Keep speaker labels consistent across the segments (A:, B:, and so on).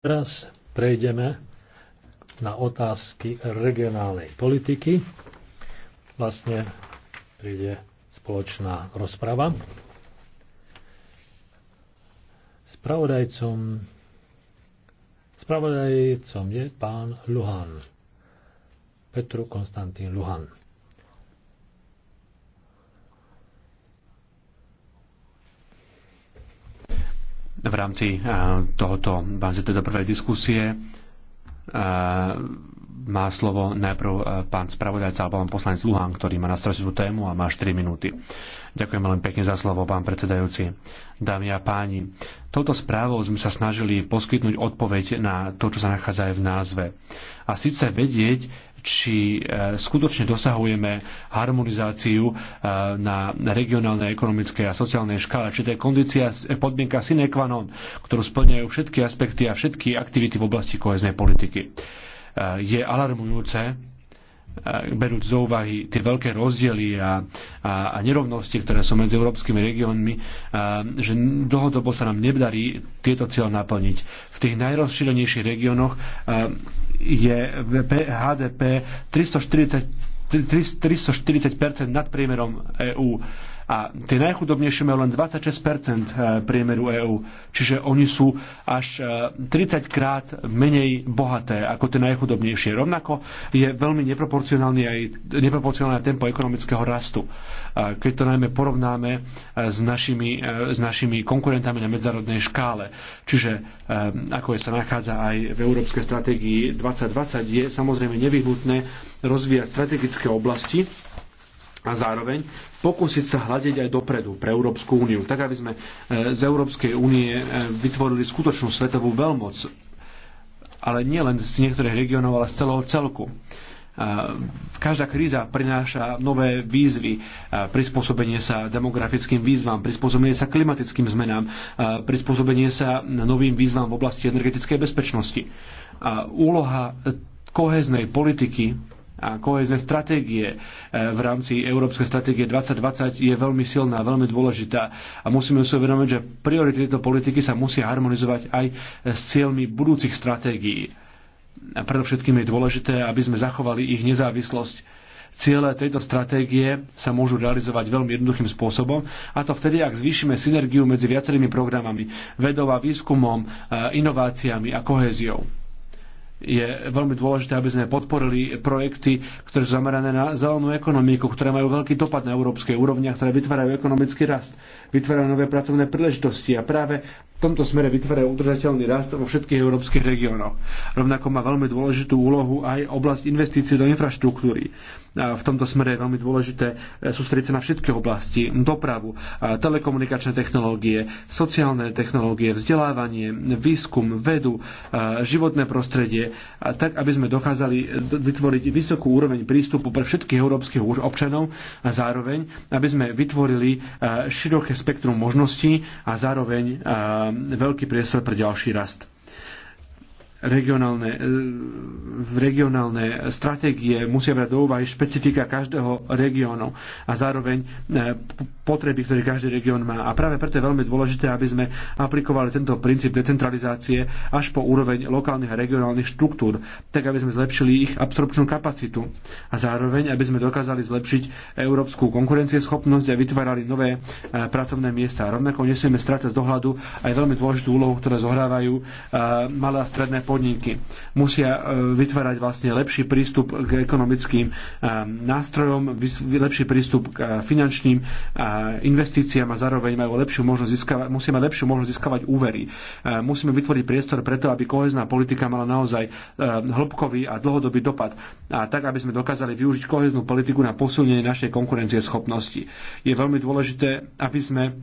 A: Teraz prejdeme na otázky regionálnej politiky. Vlastne príde spoločná rozprava. Spravodajcom, spravodajcom je pán Luhan. Petru Konstantín Luhan.
B: v rámci eh, tohoto báze teda prvej diskusie eh, má slovo najprv eh, pán spravodajca alebo pán poslanec Luhan, ktorý má na starosti tú tému a má 4 minúty. Ďakujem veľmi pekne za slovo, pán predsedajúci. Dámy a páni, touto správou sme sa snažili poskytnúť odpoveď na to, čo sa nachádza aj v názve. A síce vedieť, či e, skutočne dosahujeme harmonizáciu e, na regionálnej, ekonomickej a sociálnej škále. Či to je kondícia, e, podmienka sine qua non, ktorú splňajú všetky aspekty a všetky aktivity v oblasti koheznej politiky. Je alarmujúce, berúc do úvahy tie veľké rozdiely a, a, a nerovnosti, ktoré sú medzi európskymi regiónmi, že dlhodobo sa nám nedarí tieto cieľ naplniť. V tých najrozšírenejších regiónoch je HDP 340 340% nad priemerom EÚ. A tie najchudobnejšie majú len 26% eh, priemeru EÚ. Čiže oni sú až 30 eh, krát menej bohaté ako tie najchudobnejšie. Rovnako je veľmi neproporcionálny aj neproporcionálne tempo ekonomického rastu. Keď to najmä porovnáme eh, s našimi, s našimi konkurentami na medzárodnej škále. Čiže ako je sa nachádza aj v Európskej stratégii 2020, je samozrejme nevyhnutné rozvíjať strategické oblasti, a zároveň pokúsiť sa hľadiť aj dopredu pre Európsku úniu, tak aby sme e, z Európskej únie e, vytvorili skutočnú svetovú veľmoc, ale nie len z niektorých regiónov, ale z celého celku. E, každá kríza prináša nové výzvy, prispôsobenie sa demografickým výzvam, prispôsobenie sa klimatickým zmenám, prispôsobenie sa novým výzvam v oblasti energetickej bezpečnosti. A úloha koheznej politiky a kohezné stratégie e, v rámci Európskej stratégie 2020 je veľmi silná, veľmi dôležitá a musíme si uvedomiť, že priority tejto politiky sa musia harmonizovať aj s cieľmi budúcich stratégií. A predovšetkým je dôležité, aby sme zachovali ich nezávislosť. Ciele tejto stratégie sa môžu realizovať veľmi jednoduchým spôsobom, a to vtedy, ak zvýšime synergiu medzi viacerými programami, vedou a výskumom, e, inováciami a kohéziou je veľmi dôležité, aby sme podporili projekty, ktoré sú zamerané na zelenú ekonomiku, ktoré majú veľký dopad na európskej úrovni a ktoré vytvárajú ekonomický rast, vytvárajú nové pracovné príležitosti. A práve v tomto smere vytvára udržateľný rast vo všetkých európskych regiónoch. Rovnako má veľmi dôležitú úlohu aj oblasť investícií do infraštruktúry. V tomto smere je veľmi dôležité e, sústrediť sa na všetky oblasti. Dopravu, e, telekomunikačné technológie, sociálne technológie, vzdelávanie, výskum, vedu, e, životné prostredie, tak aby sme dokázali vytvoriť vysokú úroveň prístupu pre všetkých európskych občanov a zároveň, aby sme vytvorili široké spektrum možností a zároveň veľký priestor pre ďalší rast regionálne, e, regionálne stratégie musia brať do úvahy špecifika každého regiónu a zároveň e, potreby, ktoré každý región má. A práve preto je veľmi dôležité, aby sme aplikovali tento princíp decentralizácie až po úroveň lokálnych a regionálnych štruktúr, tak aby sme zlepšili ich absorpčnú kapacitu a zároveň, aby sme dokázali zlepšiť európsku konkurencieschopnosť a vytvárali nové e, pracovné miesta. Rovnako nesmieme strácať z dohľadu aj veľmi dôležitú úlohu, ktoré zohrávajú malé a stredné podniky. Musia e, vytvárať vlastne lepší prístup k ekonomickým e, nástrojom, lepší prístup k e, finančným investíciám a zároveň majú lepšiu možnosť získavať, musíme lepšiu možnosť získavať úvery. Musíme vytvoriť priestor preto, aby kohezná politika mala naozaj hĺbkový a dlhodobý dopad. A tak, aby sme dokázali využiť koheznú politiku na posilnenie našej konkurencieschopnosti. Je veľmi dôležité, aby sme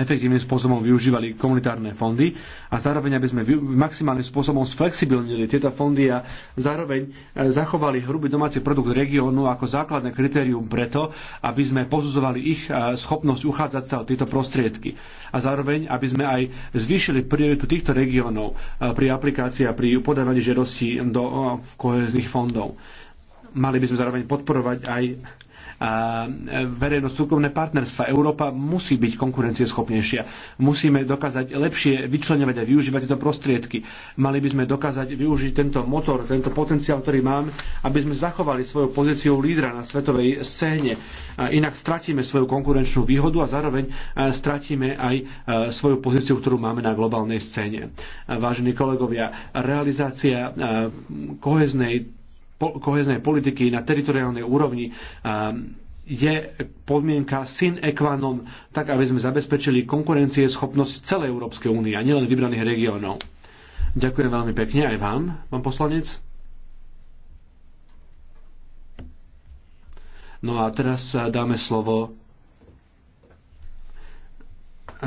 B: efektívnym spôsobom využívali komunitárne fondy a zároveň, aby sme maximálnym spôsobom sflexibilnili tieto fondy a zároveň e, zachovali hrubý domáci produkt regiónu ako základné kritérium preto, aby sme pozuzovali ich e, schopnosť uchádzať sa o tieto prostriedky. A zároveň, aby sme aj zvýšili prioritu týchto regiónov e, pri aplikácii a pri podávaní žiadosti do kohezných fondov mali by sme zároveň podporovať aj verejno-súkromné partnerstva. Európa musí byť konkurencieschopnejšia. Musíme dokázať lepšie vyčlenovať a využívať tieto prostriedky. Mali by sme dokázať využiť tento motor, tento potenciál, ktorý máme, aby sme zachovali svoju pozíciu lídra na svetovej scéne. Inak stratíme svoju konkurenčnú výhodu a zároveň stratíme aj svoju pozíciu, ktorú máme na globálnej scéne. Vážení kolegovia, realizácia koheznej koheznej politiky na teritoriálnej úrovni um, je podmienka sin qua non, tak aby sme zabezpečili konkurencieschopnosť celej Európskej únie a nielen vybraných regiónov. Ďakujem veľmi pekne aj vám, pán poslanec. No a teraz uh, dáme slovo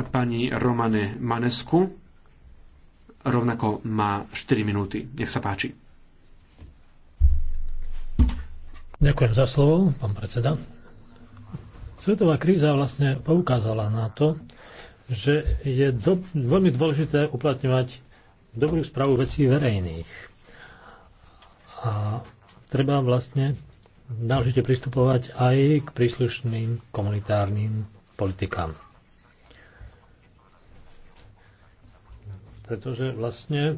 B: pani Romane Manesku. Rovnako má 4 minúty. Nech sa páči.
A: Ďakujem za slovo, pán predseda. Svetová kríza vlastne poukázala na to, že je do, veľmi dôležité uplatňovať dobrú správu vecí verejných. A treba vlastne náležite pristupovať aj k príslušným komunitárnym politikám. Pretože vlastne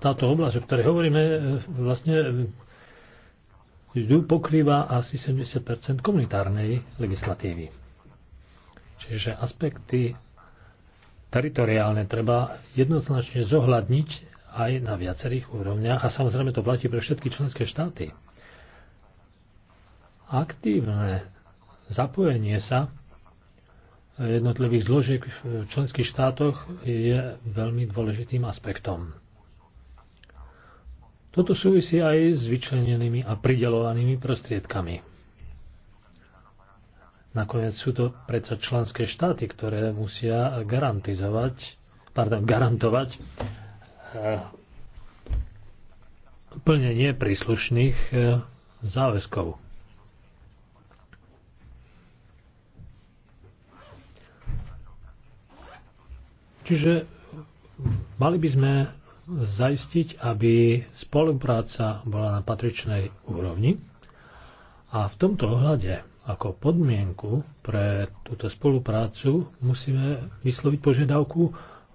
A: táto oblasť, o ktorej hovoríme, e, vlastne pokrýva asi 70 komunitárnej legislatívy. Čiže aspekty teritoriálne treba jednoznačne zohľadniť aj na viacerých úrovniach a samozrejme to platí pre všetky členské štáty. Aktívne zapojenie sa jednotlivých zložiek v členských štátoch je veľmi dôležitým aspektom. Toto súvisí aj s vyčlenenými a pridelovanými prostriedkami. Nakoniec sú to predsa členské štáty, ktoré musia garantizovať, pardon, garantovať eh, plnenie príslušných eh, záväzkov. Čiže mali by sme zaistiť, aby spolupráca bola na patričnej úrovni. A v tomto ohľade ako podmienku pre túto spoluprácu musíme vysloviť požiadavku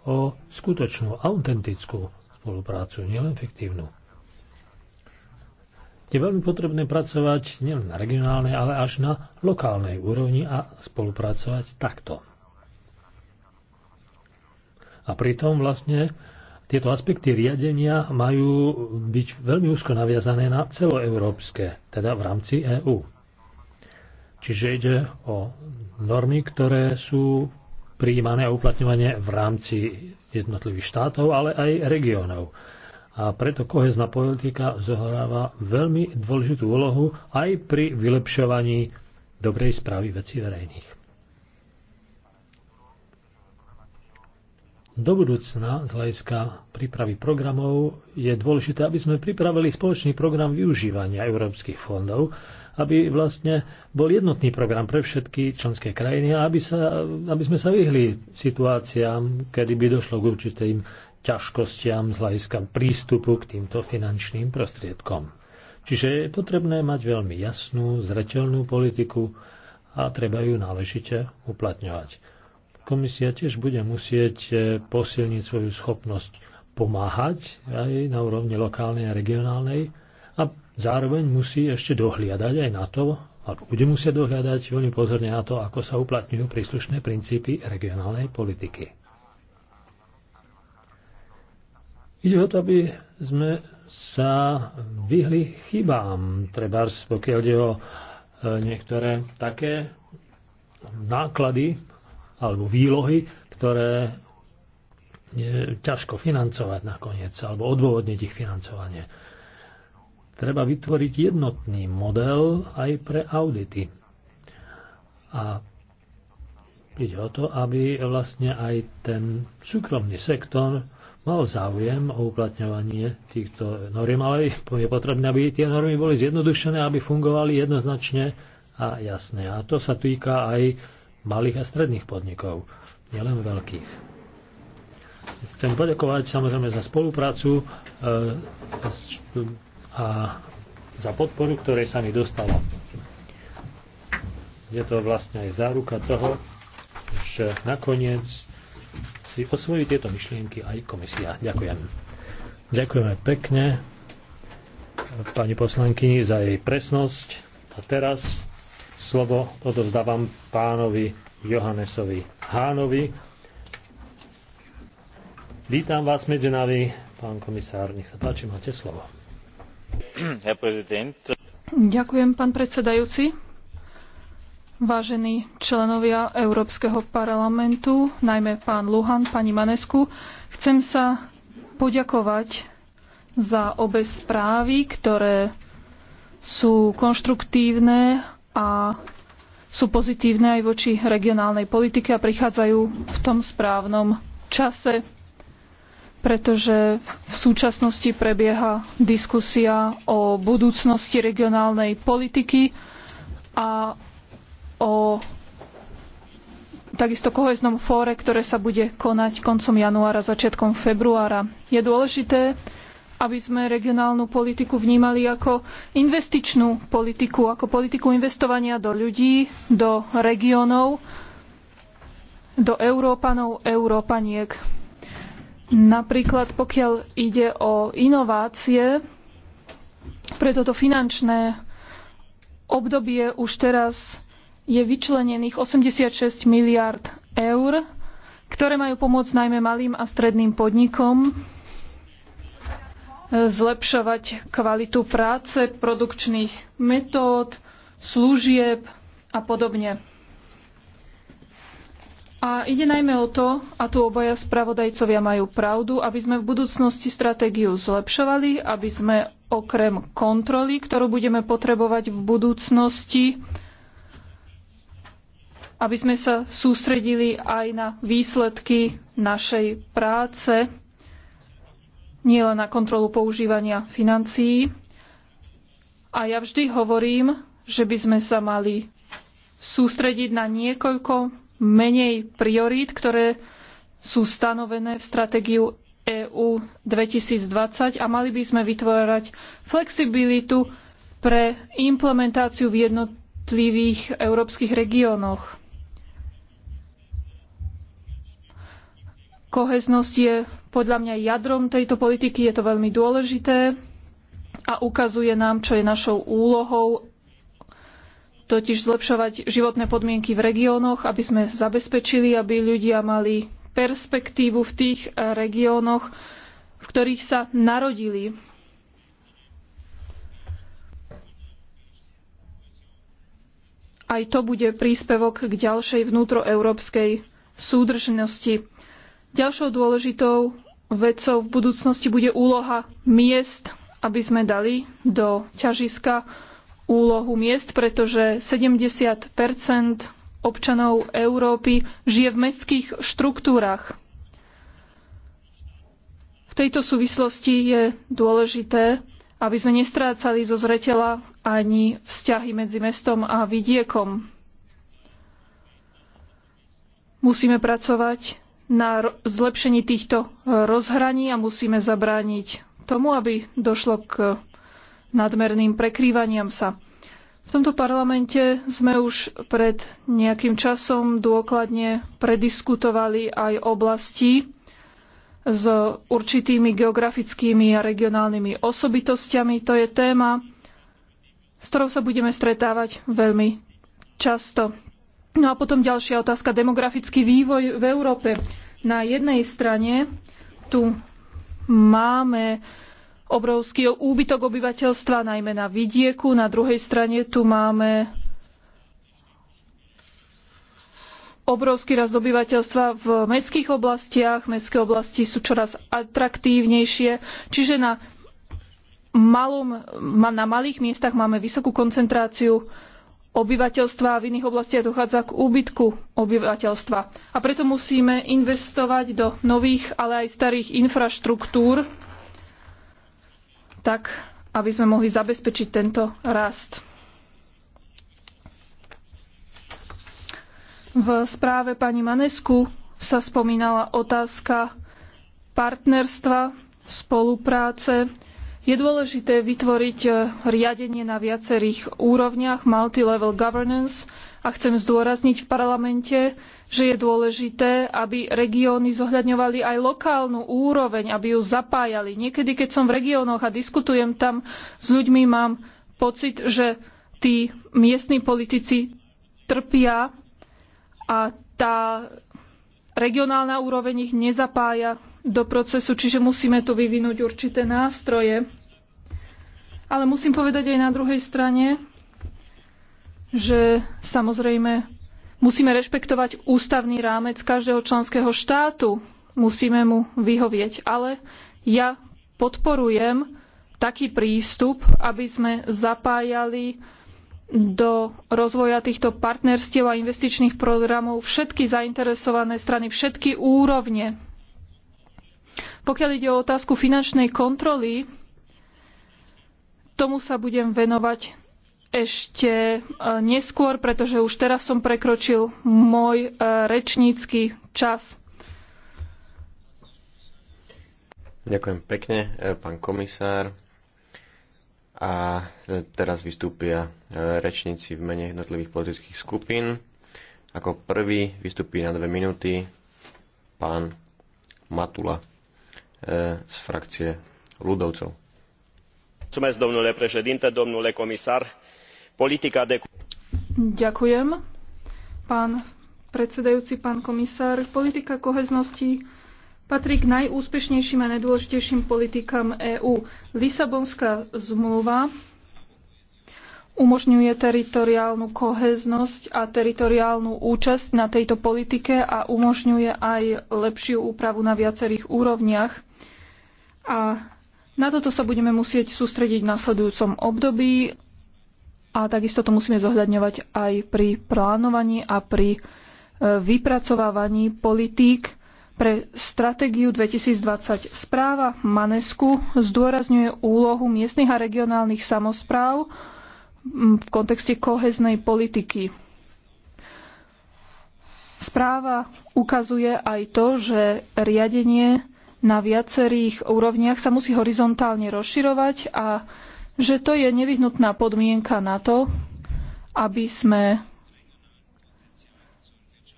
A: o skutočnú, autentickú spoluprácu, nielen fiktívnu. Je veľmi potrebné pracovať nielen na regionálnej, ale až na lokálnej úrovni a spolupracovať takto. A pritom vlastne tieto aspekty riadenia majú byť veľmi úzko naviazané na celoeurópske, teda v rámci EÚ. Čiže ide o normy, ktoré sú prijímané a uplatňované v rámci jednotlivých štátov, ale aj regiónov. A preto kohezná politika zohráva veľmi dôležitú úlohu aj pri vylepšovaní dobrej správy vecí verejných. Do budúcna, z hľadiska prípravy programov, je dôležité, aby sme pripravili spoločný program využívania európskych fondov, aby vlastne bol jednotný program pre všetky členské krajiny a aby, sa, aby sme sa vyhli situáciám, kedy by došlo k určitým ťažkostiam z hľadiska prístupu k týmto finančným prostriedkom. Čiže je potrebné mať veľmi jasnú, zreteľnú politiku a treba ju náležite uplatňovať komisia tiež bude musieť e, posilniť svoju schopnosť pomáhať aj na úrovni lokálnej a regionálnej a zároveň musí ešte dohliadať aj na to, alebo bude musieť dohľadať veľmi pozorne na to, ako sa uplatňujú príslušné princípy regionálnej politiky. Ide o to, aby sme sa vyhli chybám, treba pokiaľ ide o e, niektoré také náklady, alebo výlohy, ktoré je ťažko financovať nakoniec, alebo odôvodniť ich financovanie. Treba vytvoriť jednotný model aj pre audity. A ide o to, aby vlastne aj ten súkromný sektor mal záujem o uplatňovanie týchto noriem, ale je potrebné, aby tie normy boli zjednodušené, aby fungovali jednoznačne a jasne. A to sa týka aj malých a stredných podnikov, nielen veľkých. Chcem poďakovať samozrejme za spoluprácu e, a za podporu, ktorej sa mi dostalo. Je to vlastne aj záruka toho, že nakoniec si osvojí tieto myšlienky aj komisia. Ďakujem. Ďakujeme pekne pani poslankyni za jej presnosť. A teraz slovo odovzdávam pánovi Johannesovi Hánovi. Vítam vás medzi nami, pán komisár, nech sa páči, máte slovo.
C: Ďakujem, pán predsedajúci. Vážení členovia Európskeho parlamentu, najmä pán Luhan, pani Manesku, chcem sa poďakovať za obe správy, ktoré sú konštruktívne a sú pozitívne aj voči regionálnej politike a prichádzajú v tom správnom čase, pretože v súčasnosti prebieha diskusia o budúcnosti regionálnej politiky a o takisto koheznom fóre, ktoré sa bude konať koncom januára, začiatkom februára. Je dôležité, aby sme regionálnu politiku vnímali ako investičnú politiku, ako politiku investovania do ľudí, do regiónov, do Európanov, Európaniek. Napríklad pokiaľ ide o inovácie, pre toto finančné obdobie už teraz je vyčlenených 86 miliard eur, ktoré majú pomôcť najmä malým a stredným podnikom zlepšovať kvalitu práce, produkčných metód, služieb a podobne. A ide najmä o to, a tu obaja spravodajcovia majú pravdu, aby sme v budúcnosti stratégiu zlepšovali, aby sme okrem kontroly, ktorú budeme potrebovať v budúcnosti, aby sme sa sústredili aj na výsledky našej práce nielen na kontrolu používania financií. A ja vždy hovorím, že by sme sa mali sústrediť na niekoľko menej priorít, ktoré sú stanovené v stratégiu EÚ 2020 a mali by sme vytvárať flexibilitu pre implementáciu v jednotlivých európskych regiónoch. Koheznosť je podľa mňa jadrom tejto politiky, je to veľmi dôležité a ukazuje nám, čo je našou úlohou, totiž zlepšovať životné podmienky v regiónoch, aby sme zabezpečili, aby ľudia mali perspektívu v tých regiónoch, v ktorých sa narodili. Aj to bude príspevok k ďalšej vnútroeurópskej súdržnosti. Ďalšou dôležitou vecou v budúcnosti bude úloha miest, aby sme dali do ťažiska úlohu miest, pretože 70 občanov Európy žije v mestských štruktúrach. V tejto súvislosti je dôležité, aby sme nestrácali zo zretela ani vzťahy medzi mestom a vidiekom. Musíme pracovať na zlepšení týchto rozhraní a musíme zabrániť tomu, aby došlo k nadmerným prekrývaniam sa. V tomto parlamente sme už pred nejakým časom dôkladne prediskutovali aj oblasti s určitými geografickými a regionálnymi osobitostiami. To je téma, s ktorou sa budeme stretávať veľmi často. No a potom ďalšia otázka, demografický vývoj v Európe. Na jednej strane tu máme obrovský úbytok obyvateľstva, najmä na vidieku, na druhej strane tu máme obrovský rast obyvateľstva v mestských oblastiach. Mestské oblasti sú čoraz atraktívnejšie, čiže na, malom, na malých miestach máme vysokú koncentráciu obyvateľstva a v iných oblastiach dochádza k úbytku obyvateľstva. A preto musíme investovať do nových, ale aj starých infraštruktúr, tak aby sme mohli zabezpečiť tento rast. V správe pani Manesku sa spomínala otázka partnerstva, spolupráce je dôležité vytvoriť e, riadenie na viacerých úrovniach, multilevel governance, a chcem zdôrazniť v parlamente, že je dôležité, aby regióny zohľadňovali aj lokálnu úroveň, aby ju zapájali. Niekedy, keď som v regiónoch a diskutujem tam s ľuďmi, mám pocit, že tí miestni politici trpia a tá regionálna úroveň ich nezapája do procesu, čiže musíme tu vyvinúť určité nástroje. Ale musím povedať aj na druhej strane, že samozrejme musíme rešpektovať ústavný rámec každého členského štátu. Musíme mu vyhovieť. Ale ja podporujem taký prístup, aby sme zapájali do rozvoja týchto partnerstiev a investičných programov všetky zainteresované strany, všetky úrovne pokiaľ ide o otázku finančnej kontroly, tomu sa budem venovať ešte e, neskôr, pretože už teraz som prekročil môj e, rečnícky čas.
D: Ďakujem pekne, e, pán komisár. A teraz vystúpia rečníci v mene jednotlivých politických skupín. Ako prvý vystúpi na dve minúty pán Matula. E, z frakcie ľudovcov.
C: Ďakujem, pán predsedajúci, pán komisár. Politika koheznosti patrí k najúspešnejším a najdôležitejším politikám EÚ. Lisabonská zmluva umožňuje teritoriálnu koheznosť a teritoriálnu účasť na tejto politike a umožňuje aj lepšiu úpravu na viacerých úrovniach. A na toto sa budeme musieť sústrediť v nasledujúcom období a takisto to musíme zohľadňovať aj pri plánovaní a pri e, vypracovávaní politík pre stratégiu 2020. Správa Manesku zdôrazňuje úlohu miestnych a regionálnych samospráv, v kontexte koheznej politiky. Správa ukazuje aj to, že riadenie na viacerých úrovniach sa musí horizontálne rozširovať a že to je nevyhnutná podmienka na to, aby sme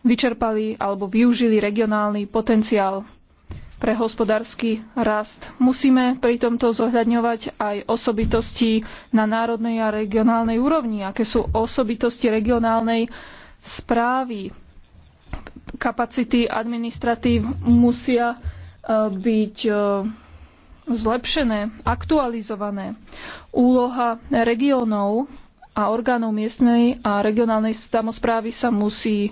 C: vyčerpali alebo využili regionálny potenciál pre hospodársky rast. Musíme pri tomto zohľadňovať aj osobitosti na národnej a regionálnej úrovni, aké sú osobitosti regionálnej správy. Kapacity administratív musia e, byť e, zlepšené, aktualizované. Úloha regiónov a orgánov miestnej a regionálnej samozprávy sa musí uh,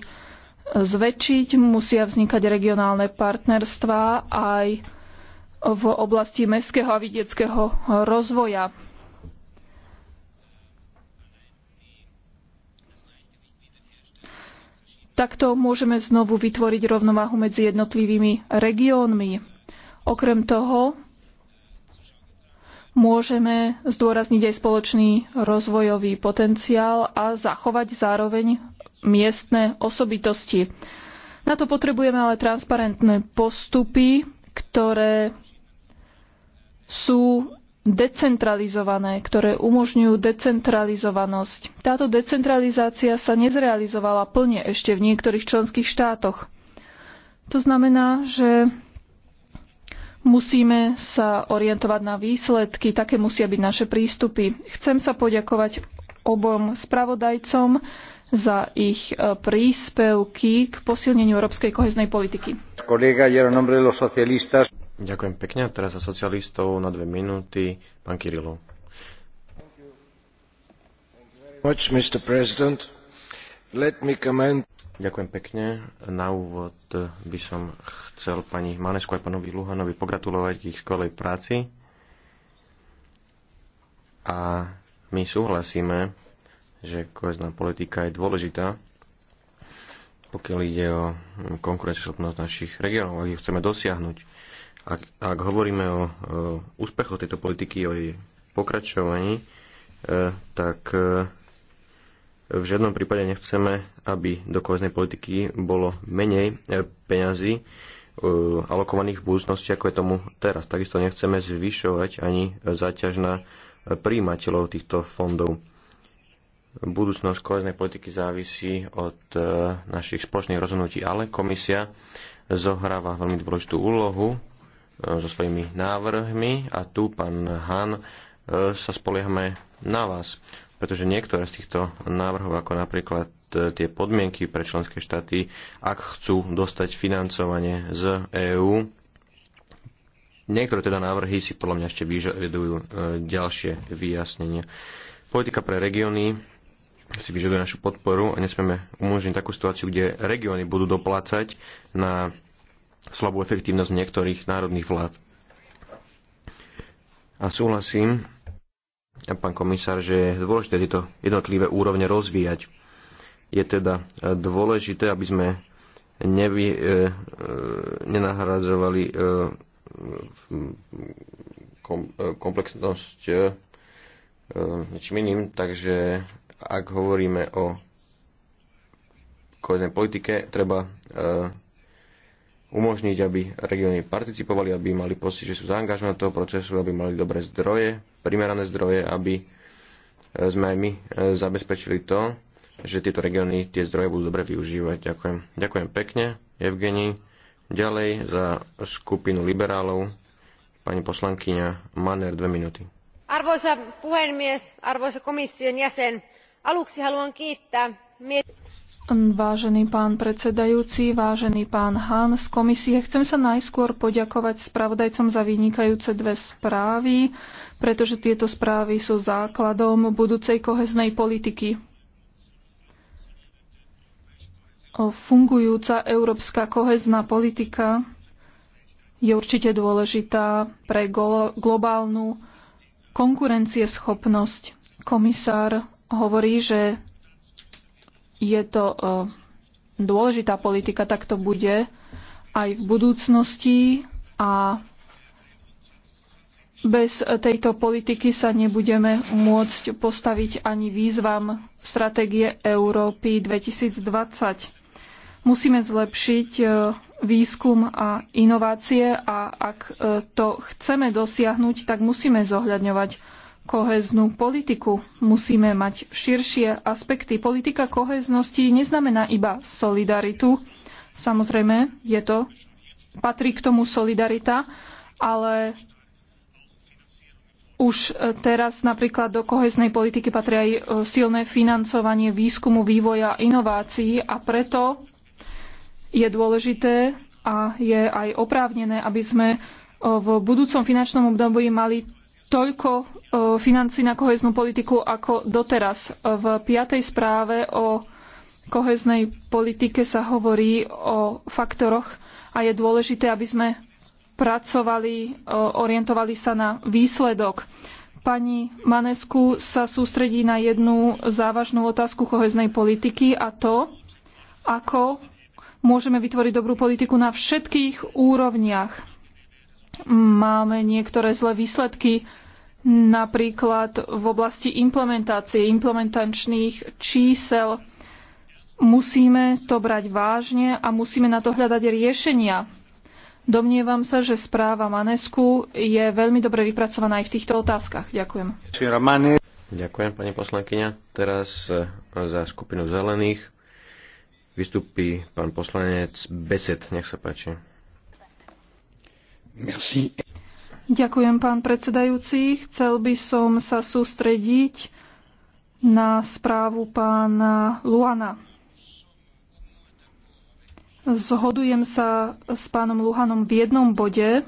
C: zväčšiť, musia vznikať regionálne partnerstvá aj v oblasti mestského a vidieckého rozvoja. Takto môžeme znovu vytvoriť rovnováhu medzi jednotlivými regiónmi. Okrem toho môžeme zdôrazniť aj spoločný rozvojový potenciál a zachovať zároveň miestne osobitosti. Na to potrebujeme ale transparentné postupy, ktoré sú decentralizované, ktoré umožňujú decentralizovanosť. Táto decentralizácia sa nezrealizovala plne ešte v niektorých členských štátoch. To znamená, že musíme sa orientovať na výsledky, také musia byť naše prístupy. Chcem sa poďakovať obom spravodajcom za ich e, príspevky k posilneniu európskej koheznej politiky.
D: Ďakujem pekne. teraz za socialistov na dve minúty pán Kirilov. Ďakujem pekne. Na úvod by som chcel pani Manesku aj panovi Luhanovi pogratulovať k ich skvelej práci. A my súhlasíme že kohezná politika je dôležitá, pokiaľ ide o konkurenčnosť našich regiónov, ak ju chceme dosiahnuť. Ak, ak hovoríme o, o úspechoch tejto politiky, o jej pokračovaní, e, tak e, v žiadnom prípade nechceme, aby do koheznej politiky bolo menej e, peňazí, e, alokovaných v budúcnosti, ako je tomu teraz. Takisto nechceme zvyšovať ani záťaž na e, príjimateľov týchto fondov budúcnosť koheznej politiky závisí od e, našich spoločných rozhodnutí, ale komisia zohráva veľmi dôležitú úlohu e, so svojimi návrhmi a tu, pán Han, e, sa spoliehame na vás, pretože niektoré z týchto návrhov, ako napríklad tie podmienky pre členské štáty, ak chcú dostať financovanie z EÚ, niektoré teda návrhy si podľa mňa ešte vyžadujú ďalšie vyjasnenie. Politika pre regióny si vyžaduje našu podporu a nesmieme umožniť takú situáciu, kde regióny budú doplácať na slabú efektívnosť niektorých národných vlád. A súhlasím, pán komisár, že je dôležité tieto jednotlivé úrovne rozvíjať. Je teda dôležité, aby sme nevy, e, e, nenahradzovali e, kom, e, komplexnosť e, e niečím iným, takže ak hovoríme o koheznej politike, treba e, umožniť, aby regióny participovali, aby mali pocit, že sú zaangažované do toho procesu, aby mali dobré zdroje, primerané zdroje, aby e, sme aj my e, zabezpečili to, že tieto regióny tie zdroje budú dobre využívať. Ďakujem. Ďakujem pekne, Evgeni. Ďalej za skupinu liberálov pani poslankyňa Manner, dve minúty.
E: Arvoisa puhemies, arvoisa komission jäsen, Aluksi haluan
C: kiittää Vážený pán predsedajúci, vážený pán Hahn z komisie, chcem sa najskôr poďakovať spravodajcom za vynikajúce dve správy, pretože tieto správy sú základom budúcej koheznej politiky. fungujúca európska kohezná politika je určite dôležitá pre globálnu konkurencieschopnosť. Komisár hovorí, že je to e, dôležitá politika, tak to bude aj v budúcnosti a bez tejto politiky sa nebudeme môcť postaviť ani výzvam stratégie Európy 2020. Musíme zlepšiť e, výskum a inovácie a ak e, to chceme dosiahnuť, tak musíme zohľadňovať koheznú politiku. Musíme mať širšie aspekty. Politika koheznosti neznamená iba solidaritu. Samozrejme, je to, patrí k tomu solidarita, ale už teraz napríklad do koheznej politiky patrí aj e, silné financovanie výskumu, vývoja, inovácií a preto je dôležité a je aj oprávnené, aby sme e, v budúcom finančnom období mali toľko e, financí na koheznú politiku ako doteraz. V piatej správe o koheznej politike sa hovorí o faktoroch a je dôležité, aby sme pracovali, e, orientovali sa na výsledok. Pani Manesku sa sústredí na jednu závažnú otázku koheznej politiky a to, ako môžeme vytvoriť dobrú politiku na všetkých úrovniach máme niektoré zlé výsledky, napríklad v oblasti implementácie, implementačných čísel. Musíme to brať vážne a musíme na to hľadať riešenia. Domnievam sa, že správa Manesku je veľmi dobre vypracovaná aj v týchto otázkach. Ďakujem.
D: Ďakujem, pani poslankyňa. Teraz eh, za skupinu zelených vystupí pán poslanec Beset. Nech sa páči. Merci.
C: Ďakujem, pán predsedajúci. Chcel by som sa sústrediť na správu pána Luana. Zhodujem sa s pánom Luhanom v jednom bode.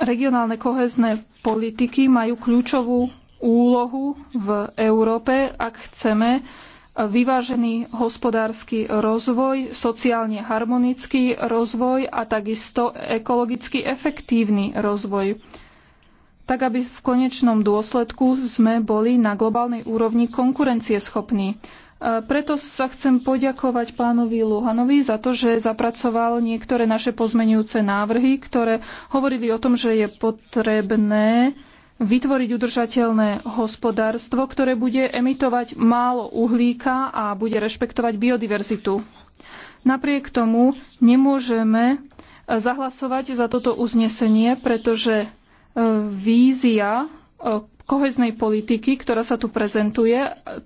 C: Regionálne kohezné politiky majú kľúčovú úlohu v Európe, ak chceme vyvážený hospodársky rozvoj, sociálne harmonický rozvoj a takisto ekologicky efektívny rozvoj tak aby v konečnom dôsledku sme boli na globálnej úrovni konkurencieschopní. E, preto sa chcem poďakovať pánovi Luhanovi za to, že zapracoval niektoré naše pozmenujúce návrhy, ktoré hovorili o tom, že je potrebné vytvoriť udržateľné hospodárstvo, ktoré bude emitovať málo uhlíka a bude rešpektovať biodiverzitu. Napriek tomu nemôžeme e, zahlasovať za toto uznesenie, pretože e, vízia e, koheznej politiky, ktorá sa tu prezentuje,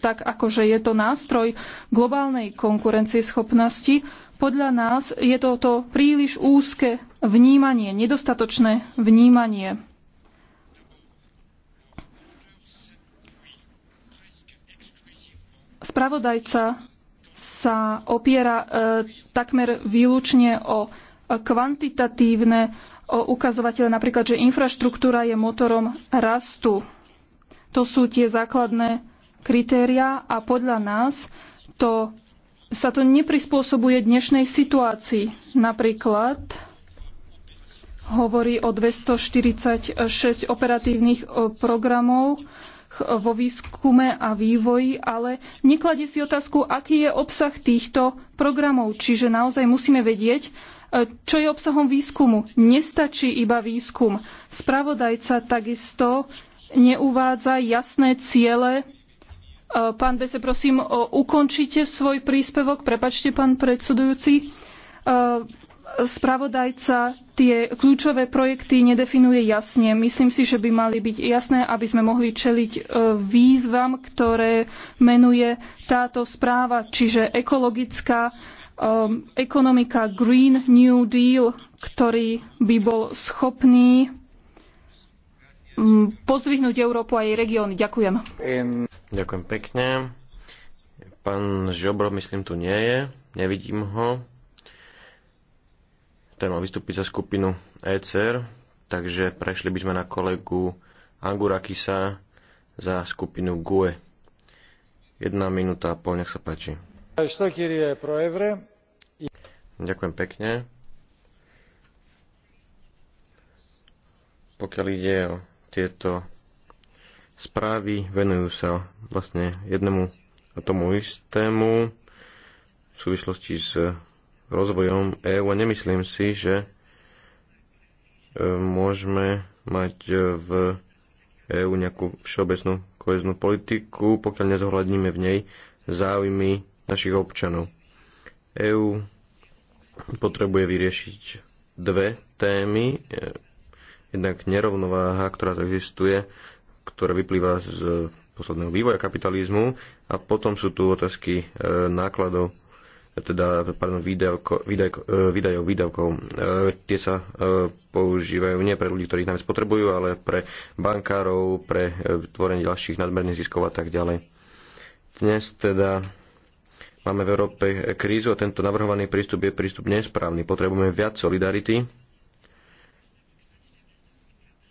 C: tak akože je to nástroj globálnej konkurencieschopnosti, podľa nás je toto príliš úzke vnímanie, nedostatočné vnímanie. Spravodajca sa opiera e, takmer výlučne o kvantitatívne ukazovatele, napríklad, že infraštruktúra je motorom rastu. To sú tie základné kritéria a podľa nás to, sa to neprispôsobuje dnešnej situácii. Napríklad hovorí o 246 operatívnych e, programov, vo výskume a vývoji, ale nekladie si otázku, aký je obsah týchto programov. Čiže naozaj musíme vedieť, čo je obsahom výskumu. Nestačí iba výskum. Spravodajca takisto neuvádza jasné ciele. Pán Bese, prosím, ukončite svoj príspevok. Prepačte, pán predsedujúci spravodajca tie kľúčové projekty nedefinuje jasne. Myslím si, že by mali byť jasné, aby sme mohli čeliť e, výzvam, ktoré menuje táto správa, čiže ekologická um, ekonomika Green New Deal, ktorý by bol schopný um, pozdvihnúť Európu a jej regióny. Ďakujem.
D: Ďakujem pekne. Pán Žobro, myslím, tu nie je. Nevidím ho ten mal vystúpiť za skupinu ECR, takže prešli by sme na kolegu Angurakisa za skupinu GUE. Jedna minúta a pol, nech sa páči. Ďakujem pekne. Pokiaľ ide o tieto správy, venujú sa vlastne jednému a tomu istému v súvislosti s rozvojom EÚ a nemyslím si, že e, môžeme mať e, v EÚ nejakú všeobecnú koheznú politiku, pokiaľ nezohľadníme v nej záujmy našich občanov. EÚ potrebuje vyriešiť dve témy. E, jednak nerovnováha, ktorá tu existuje, ktorá vyplýva z posledného vývoja kapitalizmu a potom sú tu otázky nákladov teda, pardon, výdavko, výdajko, e, výdajov, výdavkov. E, tie sa e, používajú nie pre ľudí, ktorí ich najviac potrebujú, ale pre bankárov, pre tvorenie ďalších nadmerných ziskov a tak ďalej. Dnes teda máme v Európe krízu a tento navrhovaný prístup je prístup nesprávny. Potrebujeme viac solidarity.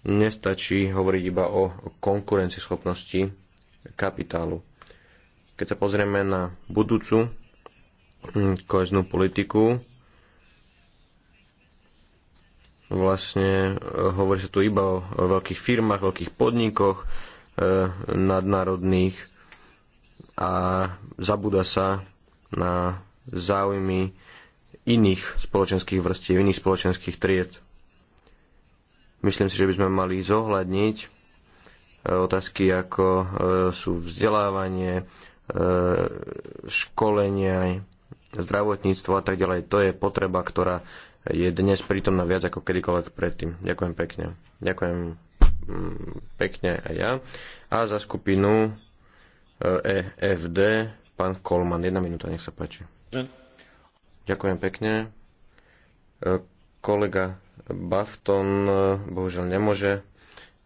D: Nestačí hovoriť iba o konkurencieschopnosti kapitálu. Keď sa pozrieme na budúcu Hm, koheznú politiku. Vlastne eh, hovorí sa tu iba o veľkých firmách, veľkých podnikoch eh, nadnárodných a zabúda sa na záujmy iných spoločenských vrstiev, iných spoločenských tried. Myslím si, že by sme mali zohľadniť eh, otázky ako sú vzdelávanie, školenia, zdravotníctvo a tak ďalej. To je potreba, ktorá je dnes prítomná viac ako kedykoľvek predtým. Ďakujem pekne. Ďakujem mm, pekne aj ja. A za skupinu EFD e pán Kolman. Jedna minúta, nech sa páči. Ďakujem pekne. E, kolega Bafton e, bohužiaľ nemôže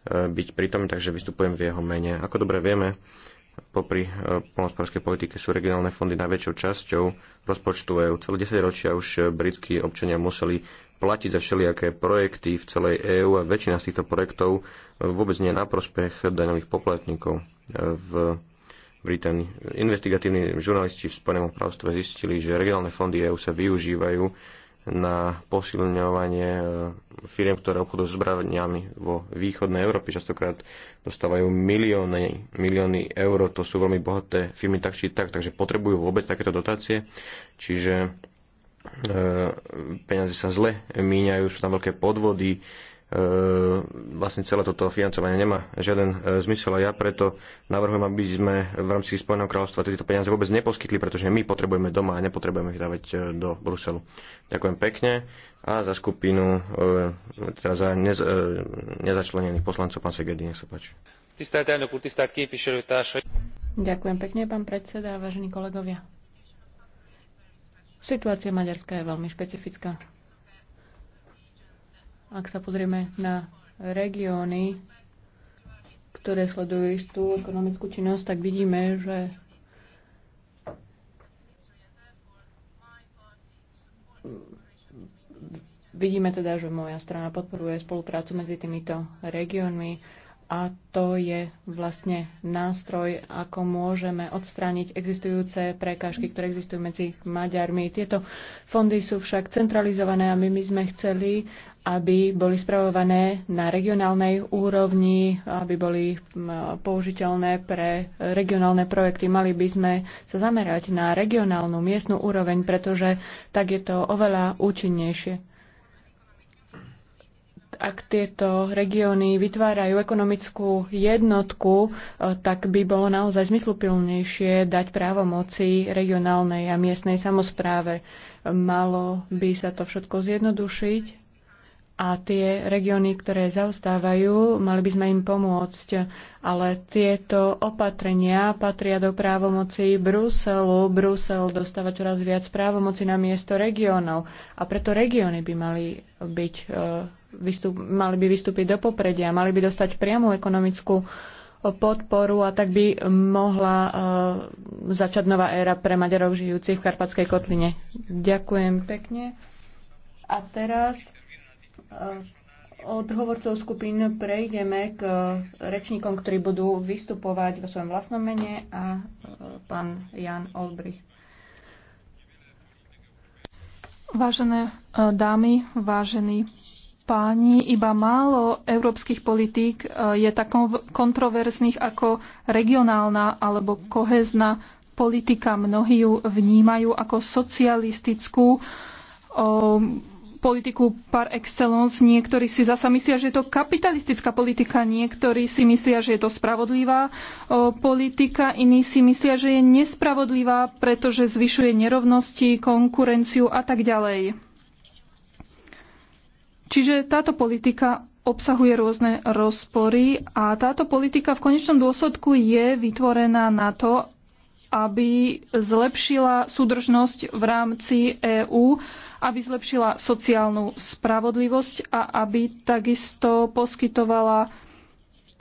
D: byť prítomný, takže vystupujem v jeho mene. Ako dobre vieme, popri e, polnospodárskej politike sú regionálne fondy najväčšou časťou rozpočtu EÚ. Celé 10 ročia už britskí občania museli platiť za všelijaké projekty v celej EÚ a väčšina z týchto projektov e, vôbec nie je na prospech daňových poplatníkov e, v Británii. Investigatívni žurnalisti v Spojenom kráľovstve zistili, že regionálne fondy EÚ sa využívajú na posilňovanie e, firiem, ktoré obchodujú s zbraniami vo východnej Európe. Častokrát dostávajú milióny, milióny eur, to sú veľmi bohaté firmy tak či tak, takže potrebujú vôbec takéto dotácie. Čiže e, peniaze sa zle míňajú, sú tam veľké podvody, E, vlastne celé toto financovanie nemá žiaden e, zmysel a ja preto navrhujem, aby sme v rámci Spojeného kráľovstva tieto peniaze vôbec neposkytli, pretože my potrebujeme doma a nepotrebujeme ich dávať e, do Bruselu. Ďakujem pekne a za skupinu, teda za nez, nezačlenených poslancov, pán Segedy, nech sa páči.
E: Ďakujem pekne, pán predseda a vážení kolegovia. Situácia Maďarska je veľmi špecifická. Ak sa pozrieme na regióny, ktoré sledujú istú ekonomickú činnosť, tak vidíme, že vidíme teda, že moja strana podporuje spoluprácu medzi týmito regiónmi a to je vlastne nástroj, ako môžeme odstrániť existujúce prekážky, ktoré existujú medzi Maďarmi. Tieto fondy sú však centralizované a my, my sme chceli, aby boli spravované na regionálnej úrovni, aby boli použiteľné pre regionálne projekty. Mali by sme sa zamerať na regionálnu miestnu úroveň, pretože tak je to oveľa účinnejšie. Ak tieto regióny vytvárajú ekonomickú jednotku, e, tak by bolo naozaj zmysluplnejšie dať právomoci regionálnej a miestnej samozpráve. Malo by sa to všetko zjednodušiť a tie regióny, ktoré zaostávajú, mali by sme im pomôcť. Ale tieto opatrenia patria do právomoci Bruselu. Brusel dostáva čoraz viac právomoci na miesto regiónov. A preto regióny by mali, byť, e, vystup, mali by vystúpiť do popredia, mali by dostať priamu ekonomickú podporu a tak by mohla e, začať nová éra pre Maďarov žijúcich v Karpatskej kotline. Ďakujem pekne. A teraz od hovorcov skupín prejdeme k e, rečníkom, ktorí budú vystupovať vo svojom vlastnom mene a e, pán Jan Olbrich.
C: Vážené e, dámy, vážení páni, iba málo európskych politík je tak kontroverzných ako regionálna alebo kohezná politika. Mnohí ju vnímajú ako socialistickú politiku par excellence. Niektorí si zasa myslia, že je to kapitalistická politika, niektorí si myslia, že je to spravodlivá politika, iní si myslia, že je nespravodlivá, pretože zvyšuje nerovnosti, konkurenciu a tak ďalej. Čiže táto politika obsahuje rôzne rozpory a táto politika v konečnom dôsledku je vytvorená na to, aby zlepšila súdržnosť v rámci EÚ aby zlepšila sociálnu spravodlivosť a aby takisto poskytovala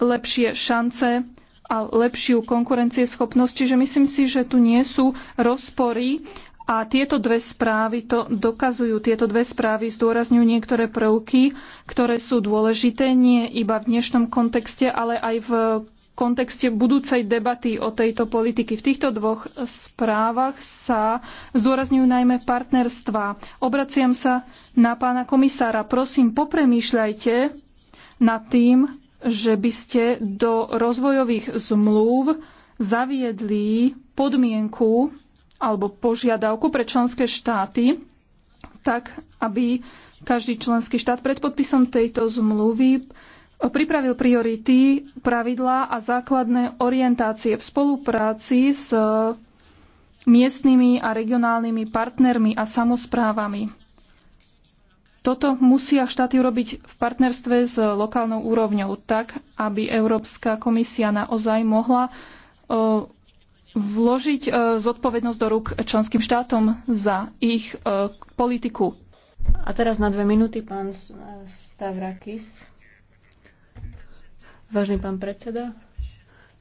C: lepšie šance a lepšiu konkurencieschopnosť. Čiže myslím si, že tu nie sú rozpory a tieto dve správy to dokazujú. Tieto dve správy zdôrazňujú niektoré prvky, ktoré sú dôležité nie iba v dnešnom kontexte, ale aj v kontexte budúcej debaty o tejto politiky. V týchto dvoch správach sa zdôrazňujú najmä partnerstva. Obraciam sa na pána komisára. Prosím, popremýšľajte nad tým, že by ste do rozvojových zmluv zaviedli podmienku alebo požiadavku pre členské štáty, tak aby každý členský štát pred podpisom tejto zmluvy pripravil priority, pravidlá a základné orientácie v spolupráci s e, miestnymi a regionálnymi partnermi a samozprávami. Toto musia štáty urobiť v partnerstve s lokálnou úrovňou tak, aby Európska komisia naozaj mohla e, vložiť e, zodpovednosť do rúk členským štátom za ich politiku. A teraz
E: na dve minúty pán Stavrakis. Vážený pán predseda,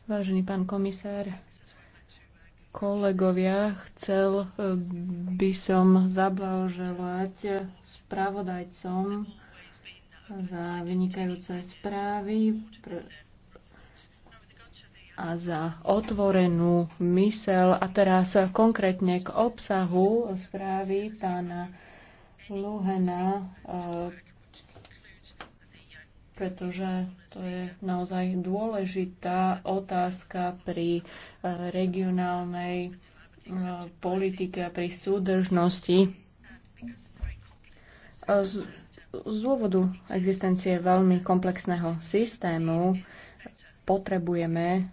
E: vážený pán komisár, kolegovia, chcel eh, by som zablahoželať spravodajcom za vynikajúce správy a za otvorenú mysel. A teraz konkrétne k obsahu správy pána Luhena eh, pretože to je naozaj dôležitá otázka pri e, regionálnej e, politike a pri súdržnosti. Z, dôvodu existencie veľmi komplexného systému potrebujeme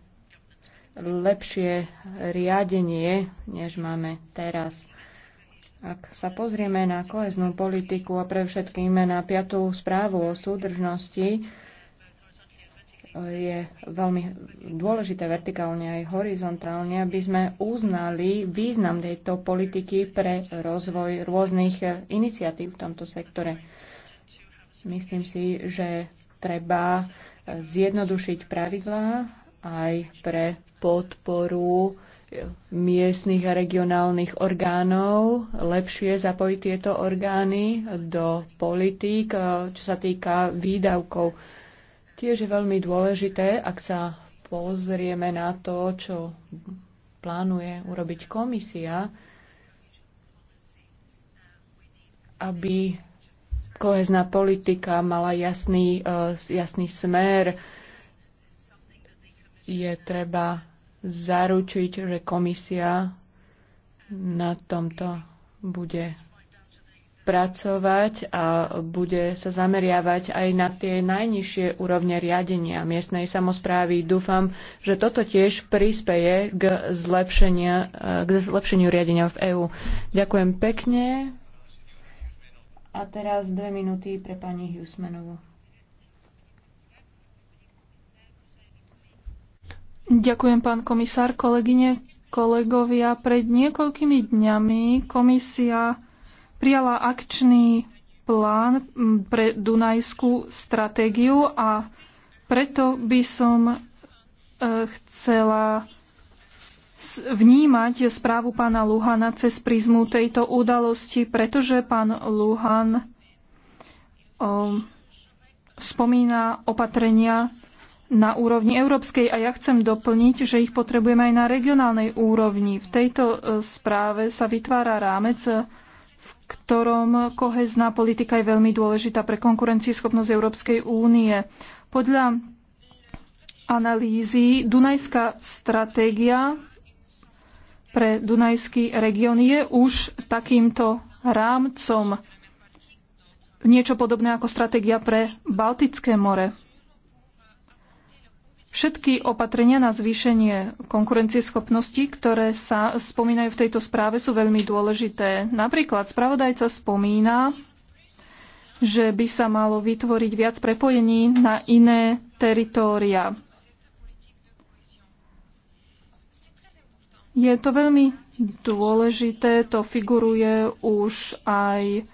E: lepšie riadenie, než máme teraz. Ak sa pozrieme na koheznú politiku a pre všetkým na piatú správu o súdržnosti, je veľmi dôležité vertikálne aj horizontálne, aby sme uznali význam tejto politiky pre rozvoj rôznych iniciatív v tomto sektore. Myslím si, že treba zjednodušiť pravidlá aj pre podporu miestnych a regionálnych orgánov, lepšie zapojiť tieto orgány do politík, e, čo sa týka výdavkov. Tiež je veľmi dôležité, ak sa pozrieme na to, čo plánuje urobiť komisia, aby kohezná politika mala jasný, e, jasný smer, je treba zaručiť, že komisia na tomto bude pracovať a bude sa zameriavať aj na tie najnižšie úrovne riadenia miestnej samozprávy. Dúfam, že toto tiež prispeje k, k zlepšeniu riadenia v EÚ. Ďakujem pekne. A teraz dve minúty pre pani Husmanovu.
C: Ďakujem, pán komisár, kolegyne, kolegovia. Pred niekoľkými dňami komisia prijala akčný plán pre Dunajskú stratégiu a preto by som e, chcela vnímať správu pána Luhana cez prízmu tejto udalosti, pretože pán Luhan e, spomína opatrenia na úrovni európskej a ja chcem doplniť, že ich potrebujeme aj na regionálnej úrovni. V tejto e, správe sa vytvára rámec, e, v ktorom kohezná politika je veľmi dôležitá pre konkurencieschopnosť Európskej únie. Podľa analýzy Dunajská stratégia pre Dunajský región je už takýmto rámcom niečo podobné ako stratégia pre Baltické more. Všetky opatrenia na zvýšenie konkurencieschopnosti, ktoré sa spomínajú v tejto správe, sú veľmi dôležité. Napríklad spravodajca spomína, že by sa malo vytvoriť viac prepojení na iné teritória. Je to veľmi dôležité, to figuruje už aj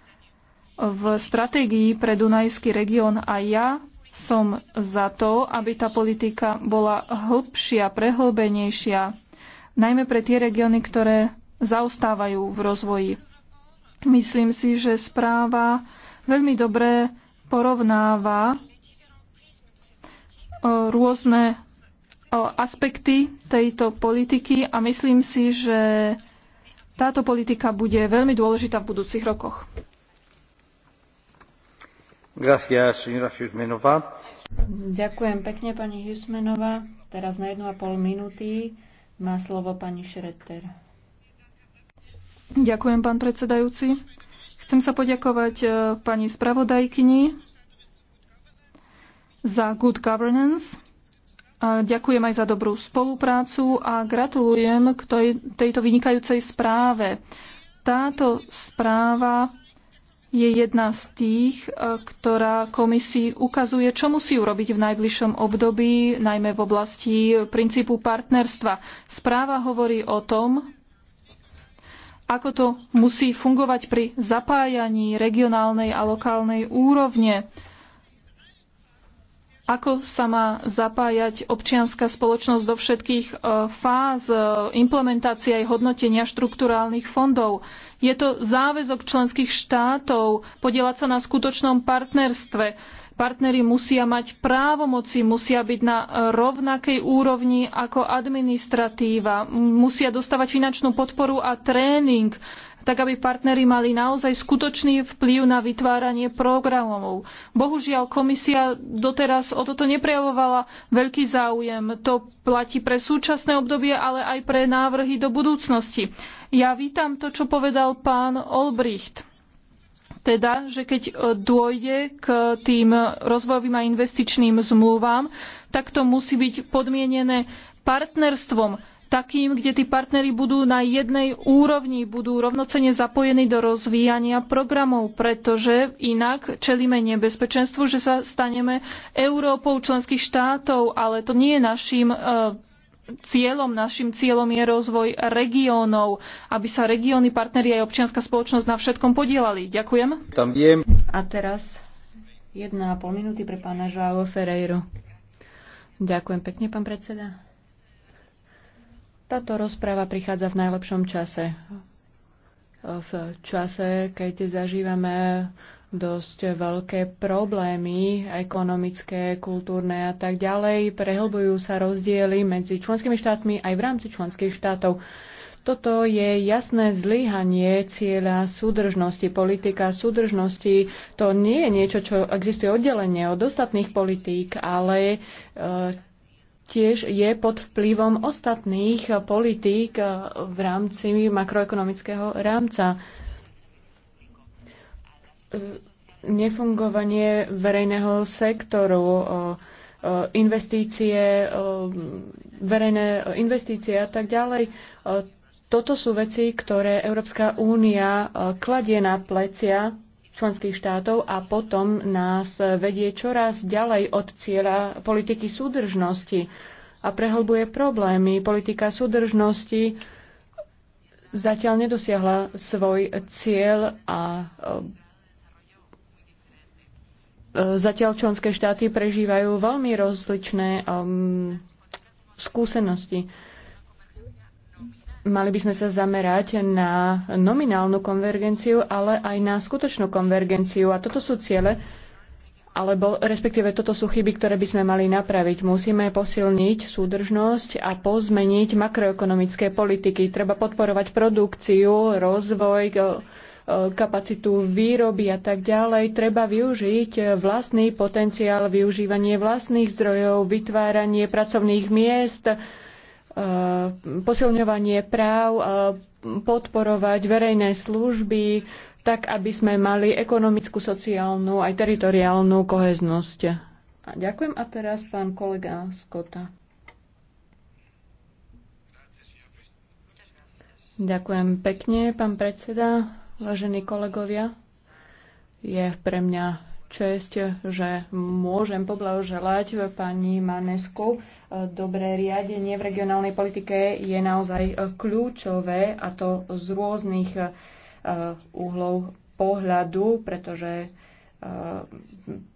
C: v stratégii pre Dunajský región a ja som za to, aby tá politika bola hĺbšia, prehlbenejšia, najmä pre tie regióny, ktoré zaostávajú v rozvoji. Myslím si, že správa veľmi dobre porovnáva e, rôzne e, aspekty tejto politiky a myslím si, že táto politika bude veľmi dôležitá v budúcich rokoch.
A: Ďakujem
E: pekne, pani Husmenová. Teraz na má slovo pani
C: Ďakujem, pán predsedajúci. Chcem sa poďakovať e, pani spravodajkyni za good governance. A ďakujem aj za dobrú spoluprácu a gratulujem k tejto vynikajúcej správe. Táto správa je jedna z tých, e, ktorá komisii ukazuje, čo musí urobiť v najbližšom období, najmä v oblasti princípu partnerstva. Správa hovorí o tom, ako to musí fungovať pri zapájaní regionálnej a lokálnej úrovne, ako sa má zapájať občianská spoločnosť do všetkých e, fáz e, implementácie aj hodnotenia štrukturálnych fondov. Je to záväzok členských štátov podielať sa na skutočnom partnerstve partnery musia mať právomoci, musia byť na rovnakej úrovni ako administratíva, musia dostávať finančnú podporu a tréning, tak aby partnery mali naozaj skutočný vplyv na vytváranie programov. Bohužiaľ, komisia doteraz o toto neprejavovala veľký záujem. To platí pre súčasné obdobie, ale aj pre návrhy do budúcnosti. Ja vítam to, čo povedal pán Olbricht teda, že keď e, dôjde k tým rozvojovým a investičným zmluvám, tak to musí byť podmienené partnerstvom, takým, kde tí partnery budú na jednej úrovni, budú rovnocene zapojení do rozvíjania programov, pretože inak čelíme nebezpečenstvu, že sa staneme Európou členských štátov, ale to nie je našim e, cieľom, našim cieľom je rozvoj regiónov, aby sa regióny, partneri aj občianská spoločnosť na všetkom podielali. Ďakujem. Tam viem. A
E: teraz jedna a pol minúty pre pána Joao Ferreiro. Ďakujem pekne, pán predseda. Táto rozpráva prichádza v najlepšom čase. V čase, keď zažívame dosť veľké problémy ekonomické, kultúrne a tak ďalej. Prehlbujú sa rozdiely medzi členskými štátmi aj v rámci členských štátov. Toto je jasné zlyhanie cieľa súdržnosti. Politika súdržnosti to nie je niečo, čo existuje oddelenie od ostatných politík, ale e, tiež je pod vplyvom ostatných politík e, v rámci makroekonomického rámca nefungovanie verejného sektoru, investície, verejné investície a tak ďalej. Toto sú veci, ktoré Európska únia kladie na plecia členských štátov a potom nás vedie čoraz ďalej od cieľa politiky súdržnosti a prehlbuje problémy. Politika súdržnosti zatiaľ nedosiahla svoj cieľ a E, zatiaľ členské štáty prežívajú veľmi rozličné um, skúsenosti. Mali by sme sa zamerať na nominálnu konvergenciu, ale aj na skutočnú konvergenciu. A toto sú ciele, alebo respektíve toto sú chyby, ktoré by sme mali napraviť. Musíme posilniť súdržnosť a pozmeniť makroekonomické politiky. Treba podporovať produkciu, rozvoj, kapacitu výroby a tak ďalej. Treba využiť vlastný potenciál, využívanie vlastných zdrojov, vytváranie pracovných miest, e, posilňovanie práv, e, podporovať verejné služby, tak aby sme mali ekonomickú, sociálnu aj teritoriálnu koheznosť. A ďakujem a teraz pán kolega Skota. Ďakujem pekne, pán predseda vážení kolegovia. Je pre mňa čest, že môžem poblahoželať pani Manesku. Dobré riadenie v regionálnej politike je naozaj kľúčové a to z rôznych eh, uhlov pohľadu, pretože eh,